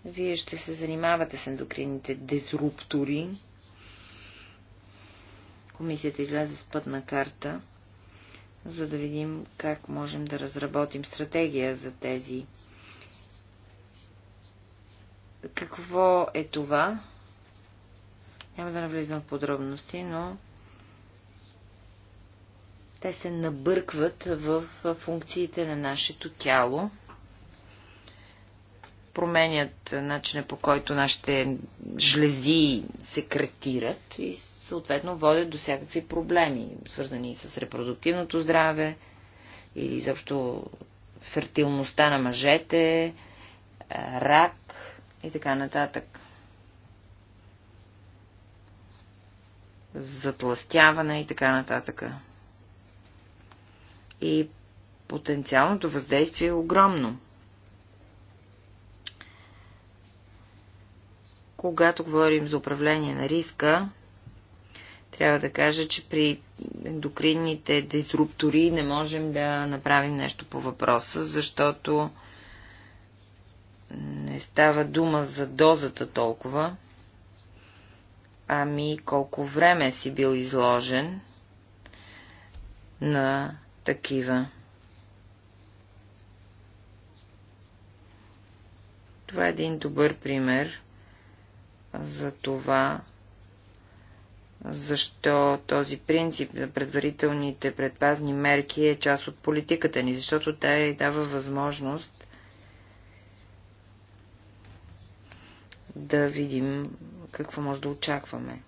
Вие ще се занимавате с ендокрините дезруптори. Комисията излезе с пътна карта, за да видим как можем да разработим стратегия за тези. Какво е това? Няма да навлизам в подробности, но те се набъркват в функциите на нашето тяло, променят начина по който нашите жлези секретират и съответно водят до всякакви проблеми, свързани с репродуктивното здраве или изобщо фертилността на мъжете, рак и така нататък. Затластяване и така нататък и потенциалното въздействие е огромно. Когато говорим за управление на риска, трябва да кажа, че при ендокринните дезруптори не можем да направим нещо по въпроса, защото не става дума за дозата толкова, ами колко време е си бил изложен на такива. Това е един добър пример за това, защо този принцип на предварителните предпазни мерки е част от политиката ни, защото тя дава възможност да видим какво може да очакваме.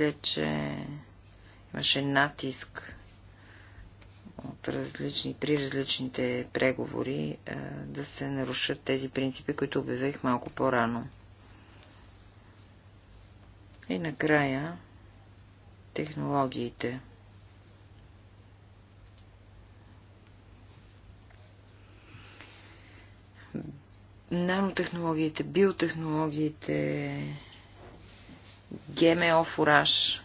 Мисля, че имаше натиск от различни, при различните преговори е, да се нарушат тези принципи, които обявих малко по-рано. И накрая технологиите. Нанотехнологиите, биотехнологиите, ГМО фураж.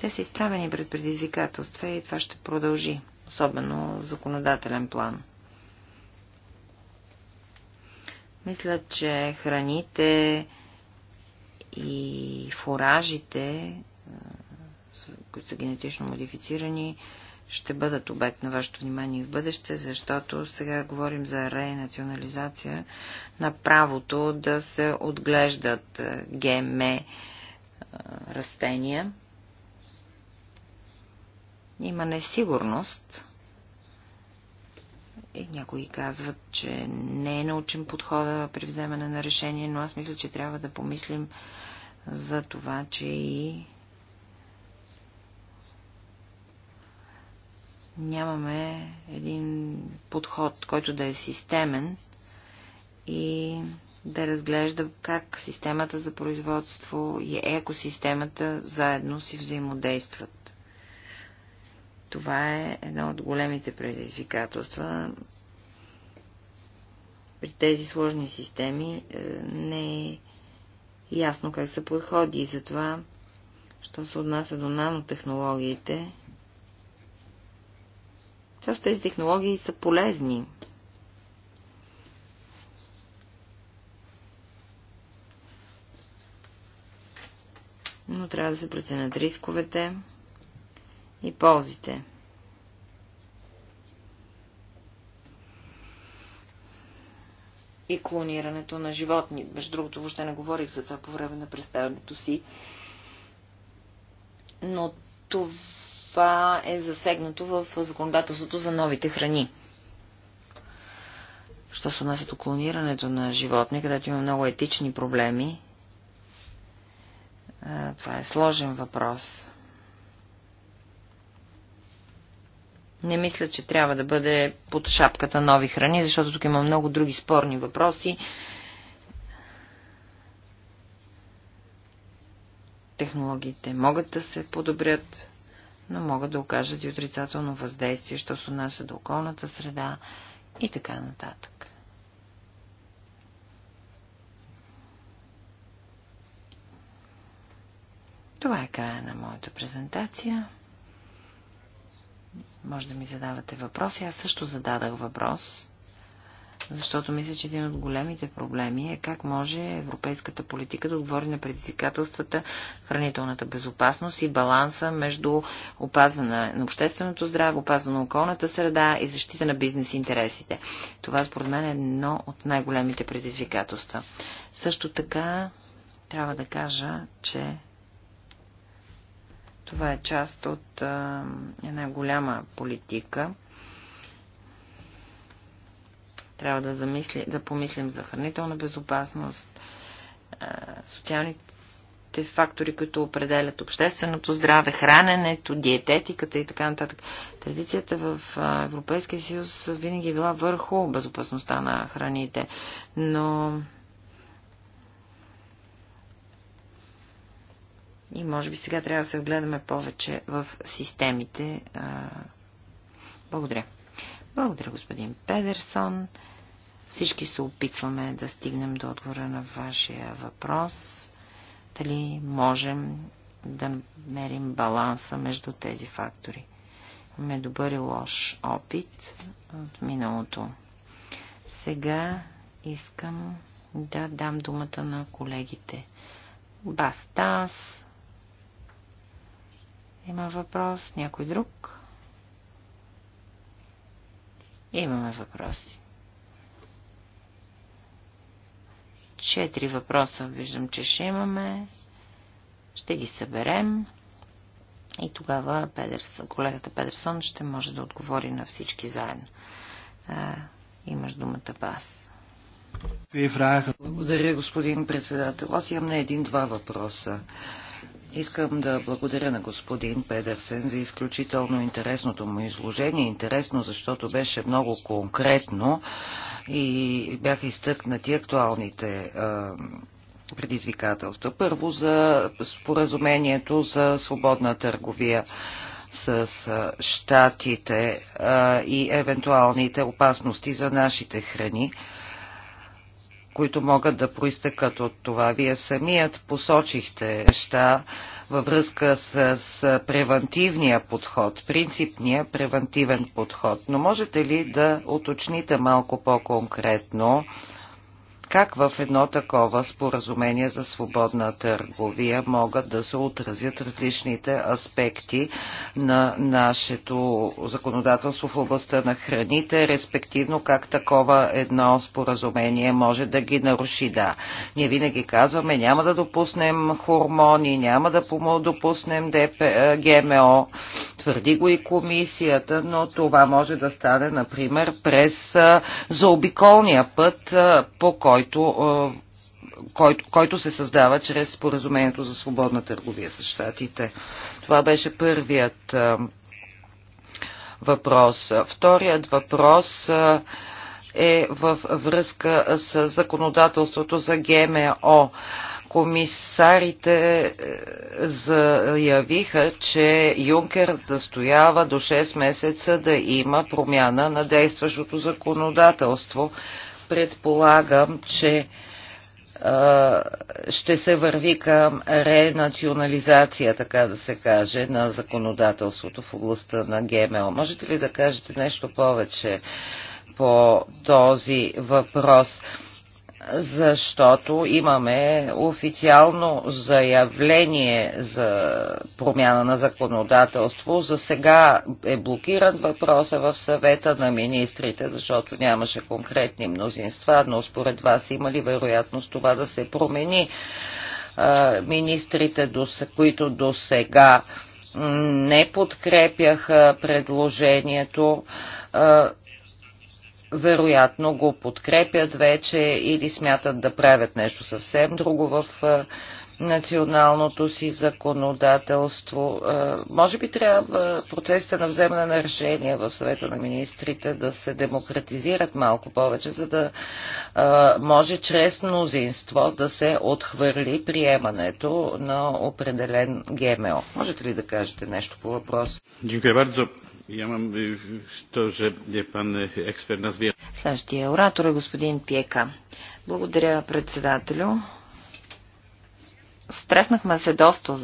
Те са изправени пред предизвикателства и това ще продължи, особено в законодателен план. Мисля, че храните и фуражите, които са генетично модифицирани, ще бъдат обект на вашето внимание в бъдеще, защото сега говорим за ренационализация на правото да се отглеждат е, ГМ е, растения. Има несигурност и някои казват, че не е научен подхода при вземане на решение, но аз мисля, че трябва да помислим за това, че и нямаме един подход, който да е системен и да разглежда как системата за производство и екосистемата заедно си взаимодействат. Това е едно от големите предизвикателства. При тези сложни системи е, не е ясно как се подходи и затова, що се отнася до нанотехнологиите, Част от тези технологии са полезни. Но трябва да се преценят рисковете и ползите. и клонирането на животни. Между другото, въобще не говорих за това по време на представянето си. Но това това е засегнато в законодателството за новите храни. Що се отнася до клонирането на животни, където има много етични проблеми, е, това е сложен въпрос. Не мисля, че трябва да бъде под шапката нови храни, защото тук има много други спорни въпроси. Технологиите могат да се подобрят но могат да окажат и отрицателно въздействие, що се отнася до околната среда и така нататък. Това е края на моята презентация. Може да ми задавате въпроси. Аз също зададах въпрос. Защото мисля, че един от големите проблеми е как може европейската политика да отговори на предизвикателствата, хранителната безопасност и баланса между опазване на общественото здраве, опазване на околната среда и защита на бизнес интересите. Това според мен е едно от най-големите предизвикателства. Също така трябва да кажа, че това е част от а, една голяма политика, трябва да, замисли, да помислим за хранителна безопасност, социалните фактори, които определят общественото здраве, храненето, диететиката и така нататък. Традицията в Европейския съюз винаги е била върху безопасността на храните, но И може би сега трябва да се вгледаме повече в системите. Благодаря. Благодаря, господин Педерсон. Всички се опитваме да стигнем до отговора на вашия въпрос. Дали можем да мерим баланса между тези фактори? Имаме добър и лош опит от миналото. Сега искам да дам думата на колегите. Бастас. Има въпрос. Някой друг? Имаме въпроси. Четири въпроса виждам, че ще имаме. Ще ги съберем. И тогава Педерс, колегата Педерсон ще може да отговори на всички заедно. А, имаш думата, Бас. Е Благодаря, господин председател. Аз имам на един-два въпроса. Искам да благодаря на господин Педерсен за изключително интересното му изложение. Интересно, защото беше много конкретно и бяха изтъкнати актуалните предизвикателства. Първо за споразумението за свободна търговия с щатите и евентуалните опасности за нашите храни които могат да проистекат от това. Вие самият посочихте неща във връзка с, с подход, принципния превентивен подход. Но можете ли да уточните малко по-конкретно как в едно такова споразумение за свободна търговия могат да се отразят различните аспекти на нашето законодателство в областта на храните, респективно как такова едно споразумение може да ги наруши? Да, ние винаги казваме, няма да допуснем хормони, няма да допуснем ДП, ГМО, твърди го и комисията, но това може да стане, например, през заобиколния път, по който който, който, който се създава чрез споразумението за свободна търговия с щатите. Това беше първият въпрос. Вторият въпрос е във връзка с законодателството за ГМО комисарите е, заявиха, че Юнкер настоява до 6 месеца да има промяна на действащото законодателство предполагам, че ще се върви към ренационализация, така да се каже, на законодателството в областта на ГМО. Можете ли да кажете нещо повече по този въпрос? защото имаме официално заявление за промяна на законодателство. За сега е блокиран въпроса в съвета на министрите, защото нямаше конкретни мнозинства, но според вас има ли вероятност това да се промени? Министрите, които до сега не подкрепяха предложението, вероятно го подкрепят вече или смятат да правят нещо съвсем друго в националното си законодателство. Може би трябва процесите на вземане на решения в съвета на министрите да се демократизират малко повече, за да може чрез мнозинство да се отхвърли приемането на определен ГМО. Можете ли да кажете нещо по въпрос? Я имам то, пан експерт на звия. Следващия оратор е господин Пиека. Благодаря, председателю. Стреснахме се доста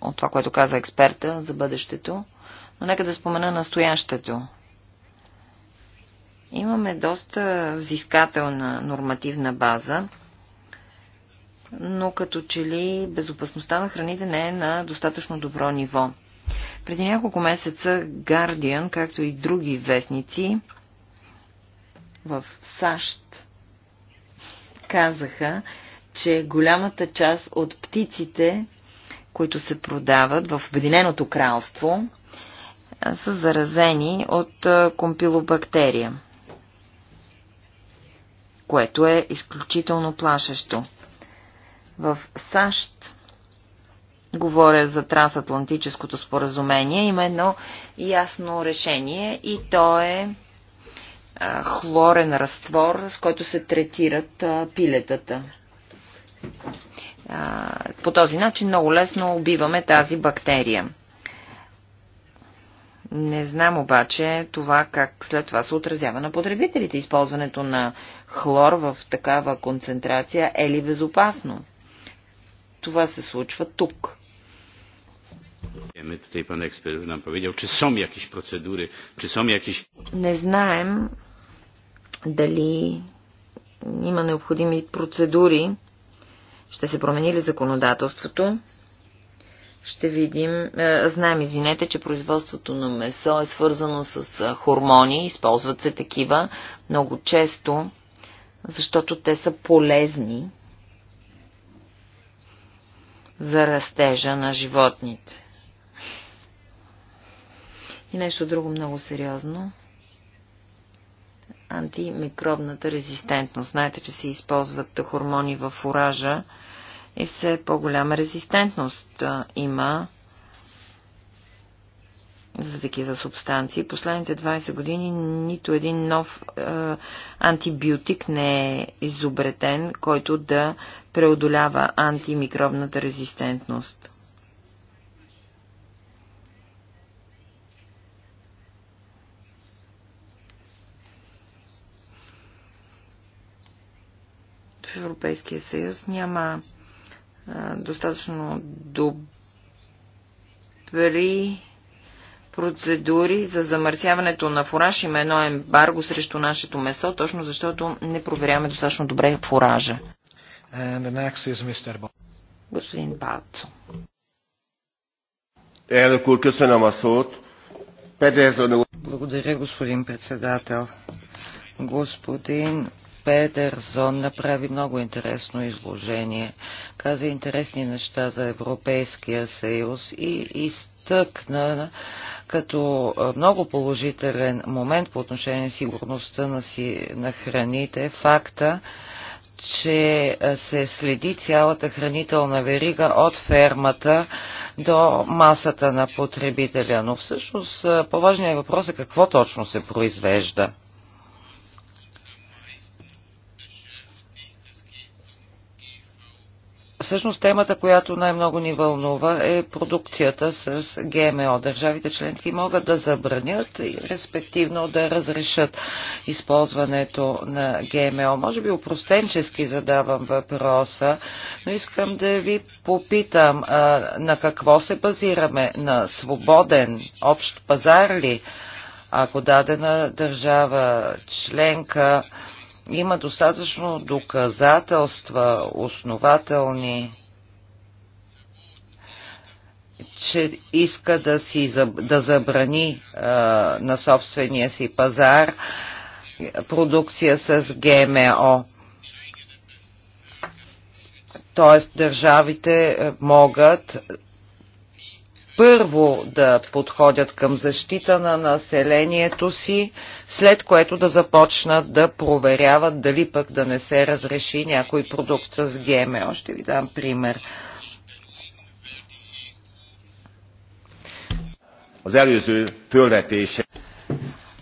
от това, което каза експерта за бъдещето, но нека да спомена настоящето. Имаме доста взискателна нормативна база, но като че ли безопасността на храните не е на достатъчно добро ниво. Преди няколко месеца Guardian, както и други вестници в САЩ, казаха, че голямата част от птиците, които се продават в Обединеното кралство, са заразени от компилобактерия, което е изключително плашещо. В САЩ Говоря за трансатлантическото споразумение. Има едно ясно решение и то е хлорен разтвор, с който се третират пилетата. По този начин много лесно убиваме тази бактерия. Не знам обаче това как след това се отразява на потребителите. Използването на хлор в такава концентрация е ли безопасно? Това се случва тук. Wiemy, Tutaj pan ekspert nam powiedział, czy są jakieś procedury, czy są jakieś... Не знаем дали има необходими процедури, ще се промени ли законодателството. Ще видим. Знаем, извинете, че производството на месо е свързано с хормони, използват се такива много често, защото те са полезни за растежа на животните. И нещо друго много сериозно. Антимикробната резистентност. Знаете, че се използват хормони в уража и все по-голяма резистентност има за такива субстанции. Последните 20 години нито един нов е, антибиотик не е изобретен, който да преодолява антимикробната резистентност. Европейския съюз няма а, достатъчно добри процедури за замърсяването на фураж. Има едно ембарго срещу нашето месо, точно защото не проверяваме достатъчно добре фуража. Господин Балцо. Благодаря, господин председател. Господин Петерсон направи много интересно изложение. Каза интересни неща за Европейския съюз и изтъкна като много положителен момент по отношение на сигурността на, си, на храните факта, че се следи цялата хранителна верига от фермата до масата на потребителя. Но всъщност по-важният въпрос е какво точно се произвежда. всъщност темата, която най-много ни вълнува е продукцията с ГМО. Държавите членки могат да забранят и респективно да разрешат използването на ГМО. Може би упростенчески задавам въпроса, но искам да ви попитам а, на какво се базираме? На свободен общ пазар ли? Ако дадена държава членка има достатъчно доказателства, основателни, че иска да, си, да забрани а, на собствения си пазар продукция с ГМО. Тоест държавите могат първо да подходят към защита на населението си, след което да започнат да проверяват дали пък да не се разреши някой продукт с ГМО. Ще ви дам пример. Az előző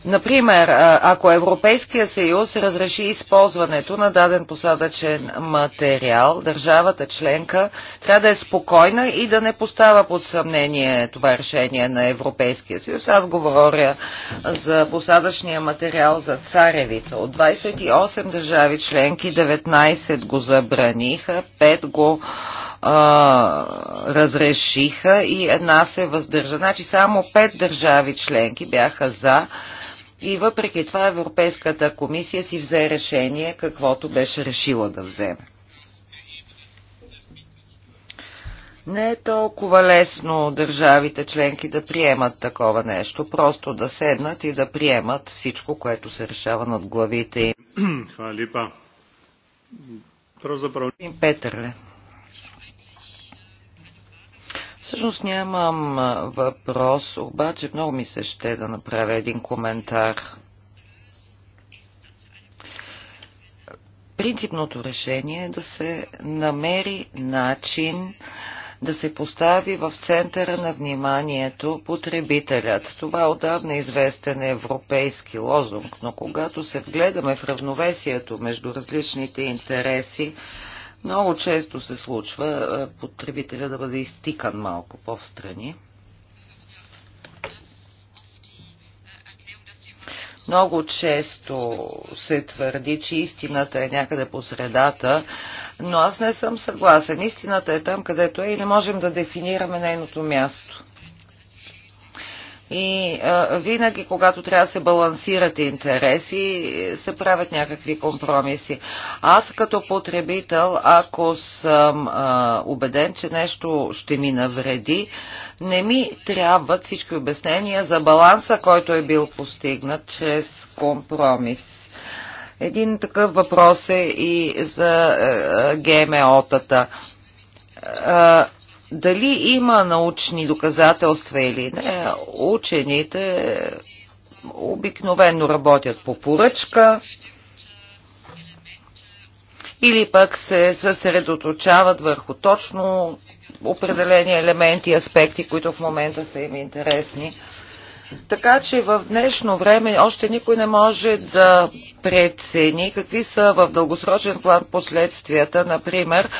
Например, ако Европейския съюз разреши използването на даден посадъчен материал, държавата членка трябва да е спокойна и да не поставя под съмнение това решение на Европейския съюз. Аз говоря за посадъчния материал за царевица. От 28 държави членки 19 го забраниха, 5 го разрешиха и една се въздържа. Значи само пет държави членки бяха за и въпреки това Европейската комисия си взе решение, каквото беше решила да вземе. Не е толкова лесно държавите членки да приемат такова нещо, просто да седнат и да приемат всичко, което се решава над главите им. Петърле. Всъщност нямам въпрос, обаче много ми се ще да направя един коментар. Принципното решение е да се намери начин да се постави в центъра на вниманието потребителят. Това е отдавна известен европейски лозунг, но когато се вгледаме в равновесието между различните интереси, много често се случва потребителя да бъде изтикан малко по-встрани. Много често се твърди, че истината е някъде по средата, но аз не съм съгласен. Истината е там, където е и не можем да дефинираме нейното място. И а, винаги, когато трябва да се балансират интереси, се правят някакви компромиси. Аз като потребител, ако съм а, убеден, че нещо ще ми навреди, не ми трябват всички обяснения за баланса, който е бил постигнат чрез компромис. Един такъв въпрос е и за ГМО-тата. Дали има научни доказателства или не, учените обикновено работят по поръчка или пък се съсредоточават върху точно определени елементи и аспекти, които в момента са им интересни. Така че в днешно време още никой не може да прецени какви са в дългосрочен план последствията, например,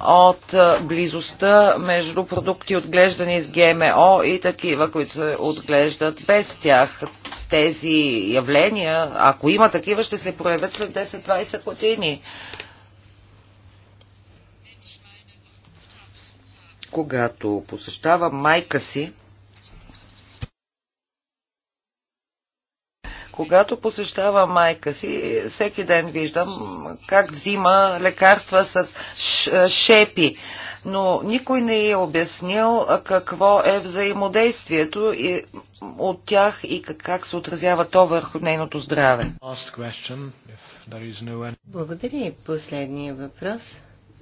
от е, близостта между продукти отглеждани с ГМО и такива, които се отглеждат без тях. Тези явления, ако има такива, ще се проявят след 10-20 години. Когато посещавам майка си, Когато посещава майка си, всеки ден виждам как взима лекарства с шепи но никой не е обяснил какво е взаимодействието и от тях и как, се отразява то върху нейното здраве. Благодаря. и Последния въпрос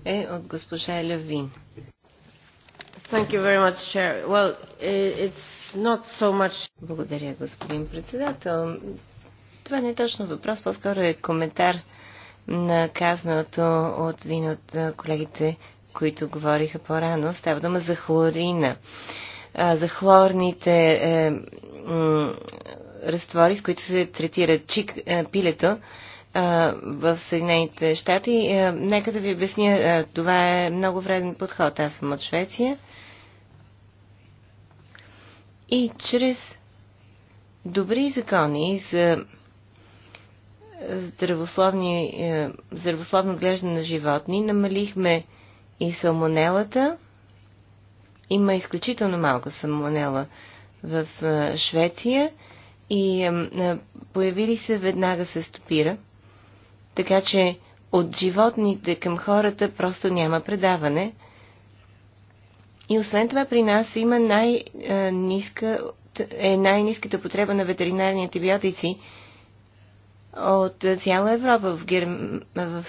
е от госпожа Левин. Благодаря, господин председател. Това не е точно въпрос, по-скоро е коментар на казаното от един от колегите, които говориха по-рано. Става дума за хлорина. За хлорните е, разтвори, с които се третира чик, е, пилето, е, в Съединените щати. Е, нека да ви обясня, е, това е много вреден подход. Аз съм от Швеция и чрез добри закони за е, е, здравословно отглеждане на животни намалихме и салмонелата. Има изключително малко салмонела в е, Швеция и появили се веднага се стопира. Така че от животните към хората просто няма предаване. И освен това при нас има най-ниска, е, е най потреба на ветеринарни антибиотици от цяла Европа. В, Герм... в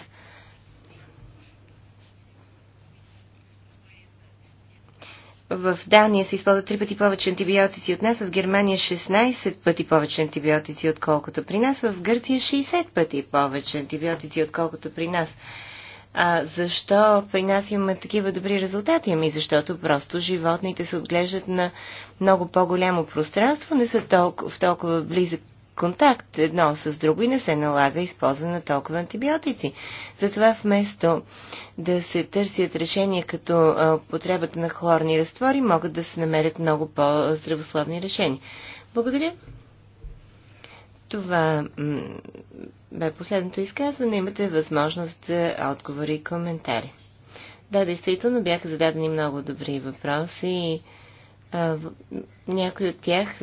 в Дания се използват три пъти повече антибиотици от нас, в Германия 16 пъти повече антибиотици, отколкото при нас, в Гърция 60 пъти повече антибиотици, отколкото при нас. А защо при нас имаме такива добри резултати? Ами защото просто животните се отглеждат на много по-голямо пространство, не са толкова, в толкова близък контакт едно с друго и не се налага използване на толкова антибиотици. Затова вместо да се търсят решения като потребата на хлорни разтвори, могат да се намерят много по-здравословни решения. Благодаря. Това бе последното изказване. Имате възможност за да отговори и коментари. Да, действително бяха зададени много добри въпроси. Някои от тях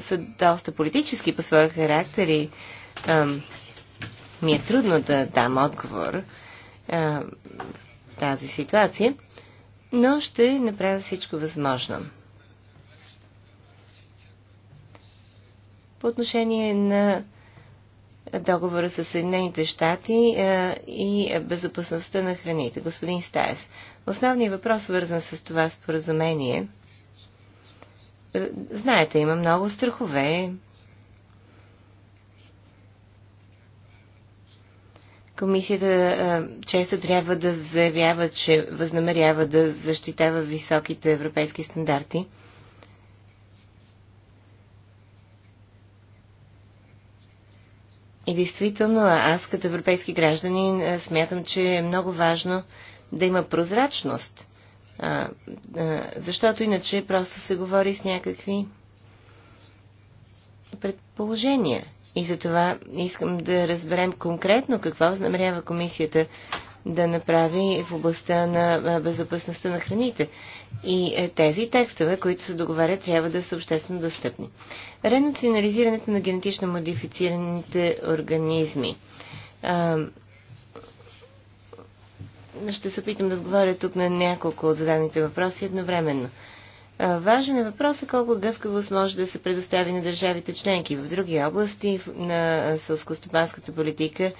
са доста политически по своя характер и ми е трудно да дам отговор в тази ситуация, но ще направя всичко възможно. по отношение на договора с Съединените щати е, и безопасността на храните. Господин Стаес, основният въпрос, свързан с това споразумение, е, знаете, има много страхове. Комисията е, често трябва да заявява, че възнамерява да защитава високите европейски стандарти – И действително, аз като европейски гражданин е, смятам, че е много важно да има прозрачност, а, а, защото иначе просто се говори с някакви предположения. И за това искам да разберем конкретно какво възнамерява комисията да направи в областта на безопасността на храните. И е, тези текстове, които се договарят, трябва да са обществено достъпни. Ренационализирането на генетично модифицираните организми. Ще се опитам да отговоря тук на няколко от заданите въпроси едновременно. Важен е въпросът е колко гъвкавост може да се предостави на държавите членки. В други области на сълскостопанската политика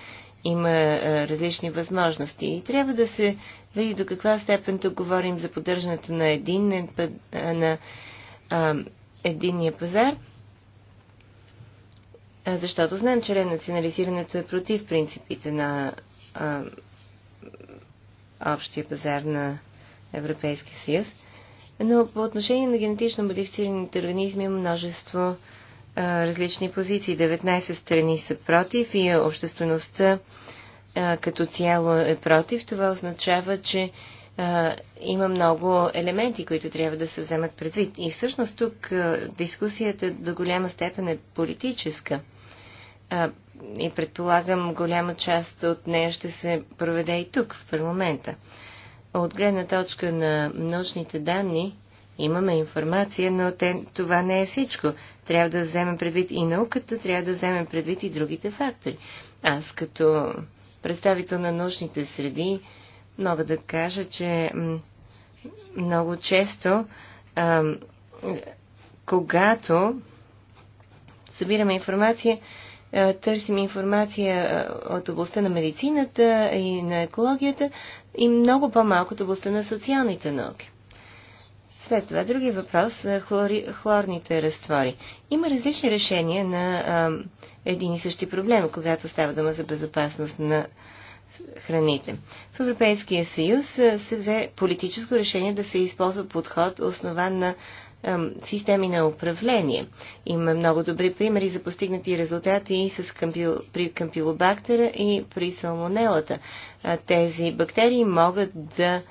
има е, различни възможности. И трябва да се види до каква степен тук говорим за поддържането на, един, е, е, на а, единния пазар, защото знаем, че ренационализирането е против принципите на а, общия пазар на Европейския съюз. Но по отношение на генетично модифицираните организми има множество различни позиции. 19 страни са против и обществеността като цяло е против. Това означава, че има много елементи, които трябва да се вземат предвид. И всъщност тук дискусията до голяма степен е политическа. И предполагам, голяма част от нея ще се проведе и тук, в парламента. От гледна точка на научните данни, Имаме информация, но те, това не е всичко. Трябва да вземем предвид и науката, трябва да вземем предвид и другите фактори. Аз като представител на научните среди мога да кажа, че много често, а, когато събираме информация, а, търсим информация от областта на медицината и на екологията и много по-малко от областта на социалните науки. След това други въпрос хлори, хлорните разтвори. Има различни решения на а, един и същи проблем, когато става дума за безопасност на храните. В Европейския съюз се взе политическо решение да се използва подход основан на системи на управление. Има много добри примери за постигнати резултати и с кампил, при кампилобактера и при салмонелата. тези бактерии могат да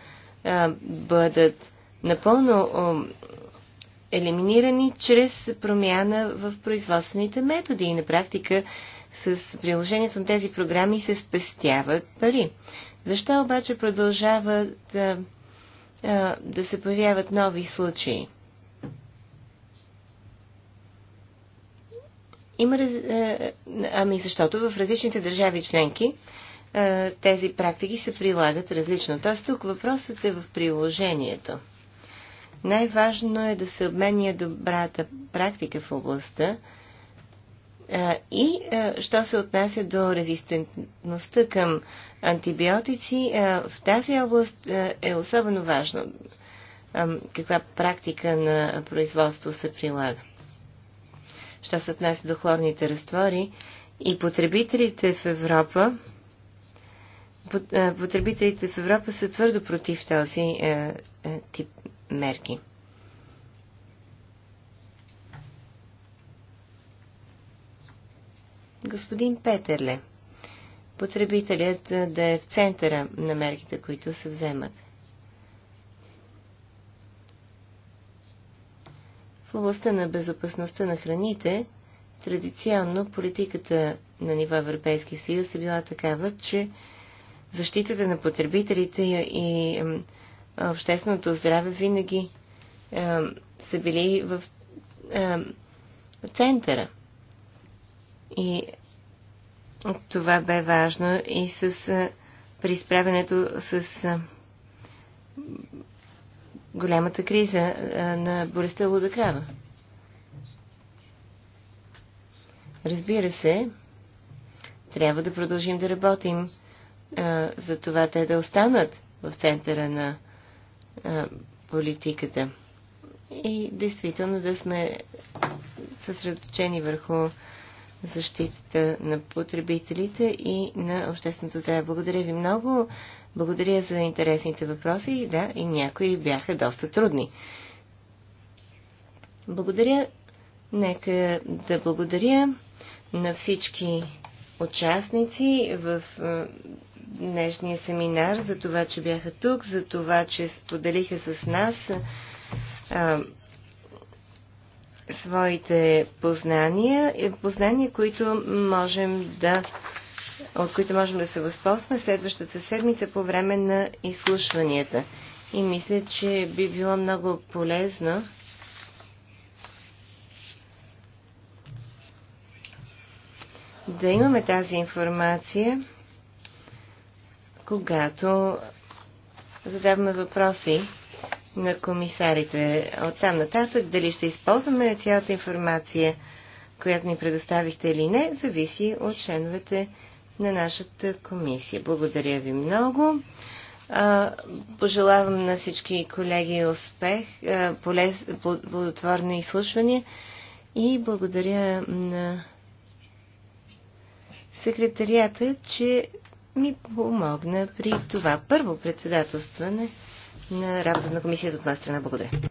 а, бъдат напълно елиминирани чрез промяна в производствените методи и на практика с приложението на тези програми се спестяват пари. Защо обаче продължават да, да се появяват нови случаи? Има, ами защото в различните държави членки тези практики се прилагат различно. Тоест тук въпросът е в приложението. Най-важно е да се обменя добрата практика в областта и що се отнася до резистентността към антибиотици, в тази област е особено важно каква практика на производство се прилага. Що се отнася до хлорните разтвори и потребителите в Европа, потребителите в Европа са твърдо против този е, тип мерки. Господин Петерле, потребителят да е в центъра на мерките, които се вземат. В областта на безопасността на храните, традиционно политиката на ниво Европейски съюз е била такава, че защитата на потребителите и общественото здраве винаги а, са били в а, центъра. И това бе важно и с, а, при справянето с а, голямата криза а, на болестта луда крава. Разбира се, трябва да продължим да работим а, за това те да останат в центъра на а, политиката. И действително да сме съсредоточени върху защитата на потребителите и на общественото здраве. Благодаря ви много. Благодаря за интересните въпроси. Да, и някои бяха доста трудни. Благодаря. Нека да благодаря на всички участници в днешния семинар, за това, че бяха тук, за това, че споделиха с нас а, своите познания, е, познания, които можем да от които можем да се възползваме следващата седмица по време на изслушванията. И мисля, че би било много полезно да имаме тази информация, когато задаваме въпроси на комисарите от там нататък. Дали ще използваме цялата информация, която ни предоставихте или не, зависи от членовете на нашата комисия. Благодаря ви много. Пожелавам на всички колеги успех, полез, плодотворно изслушване и благодаря на секретарията, че ми помогна при това първо председателстване на работа на комисията от моя страна. Благодаря.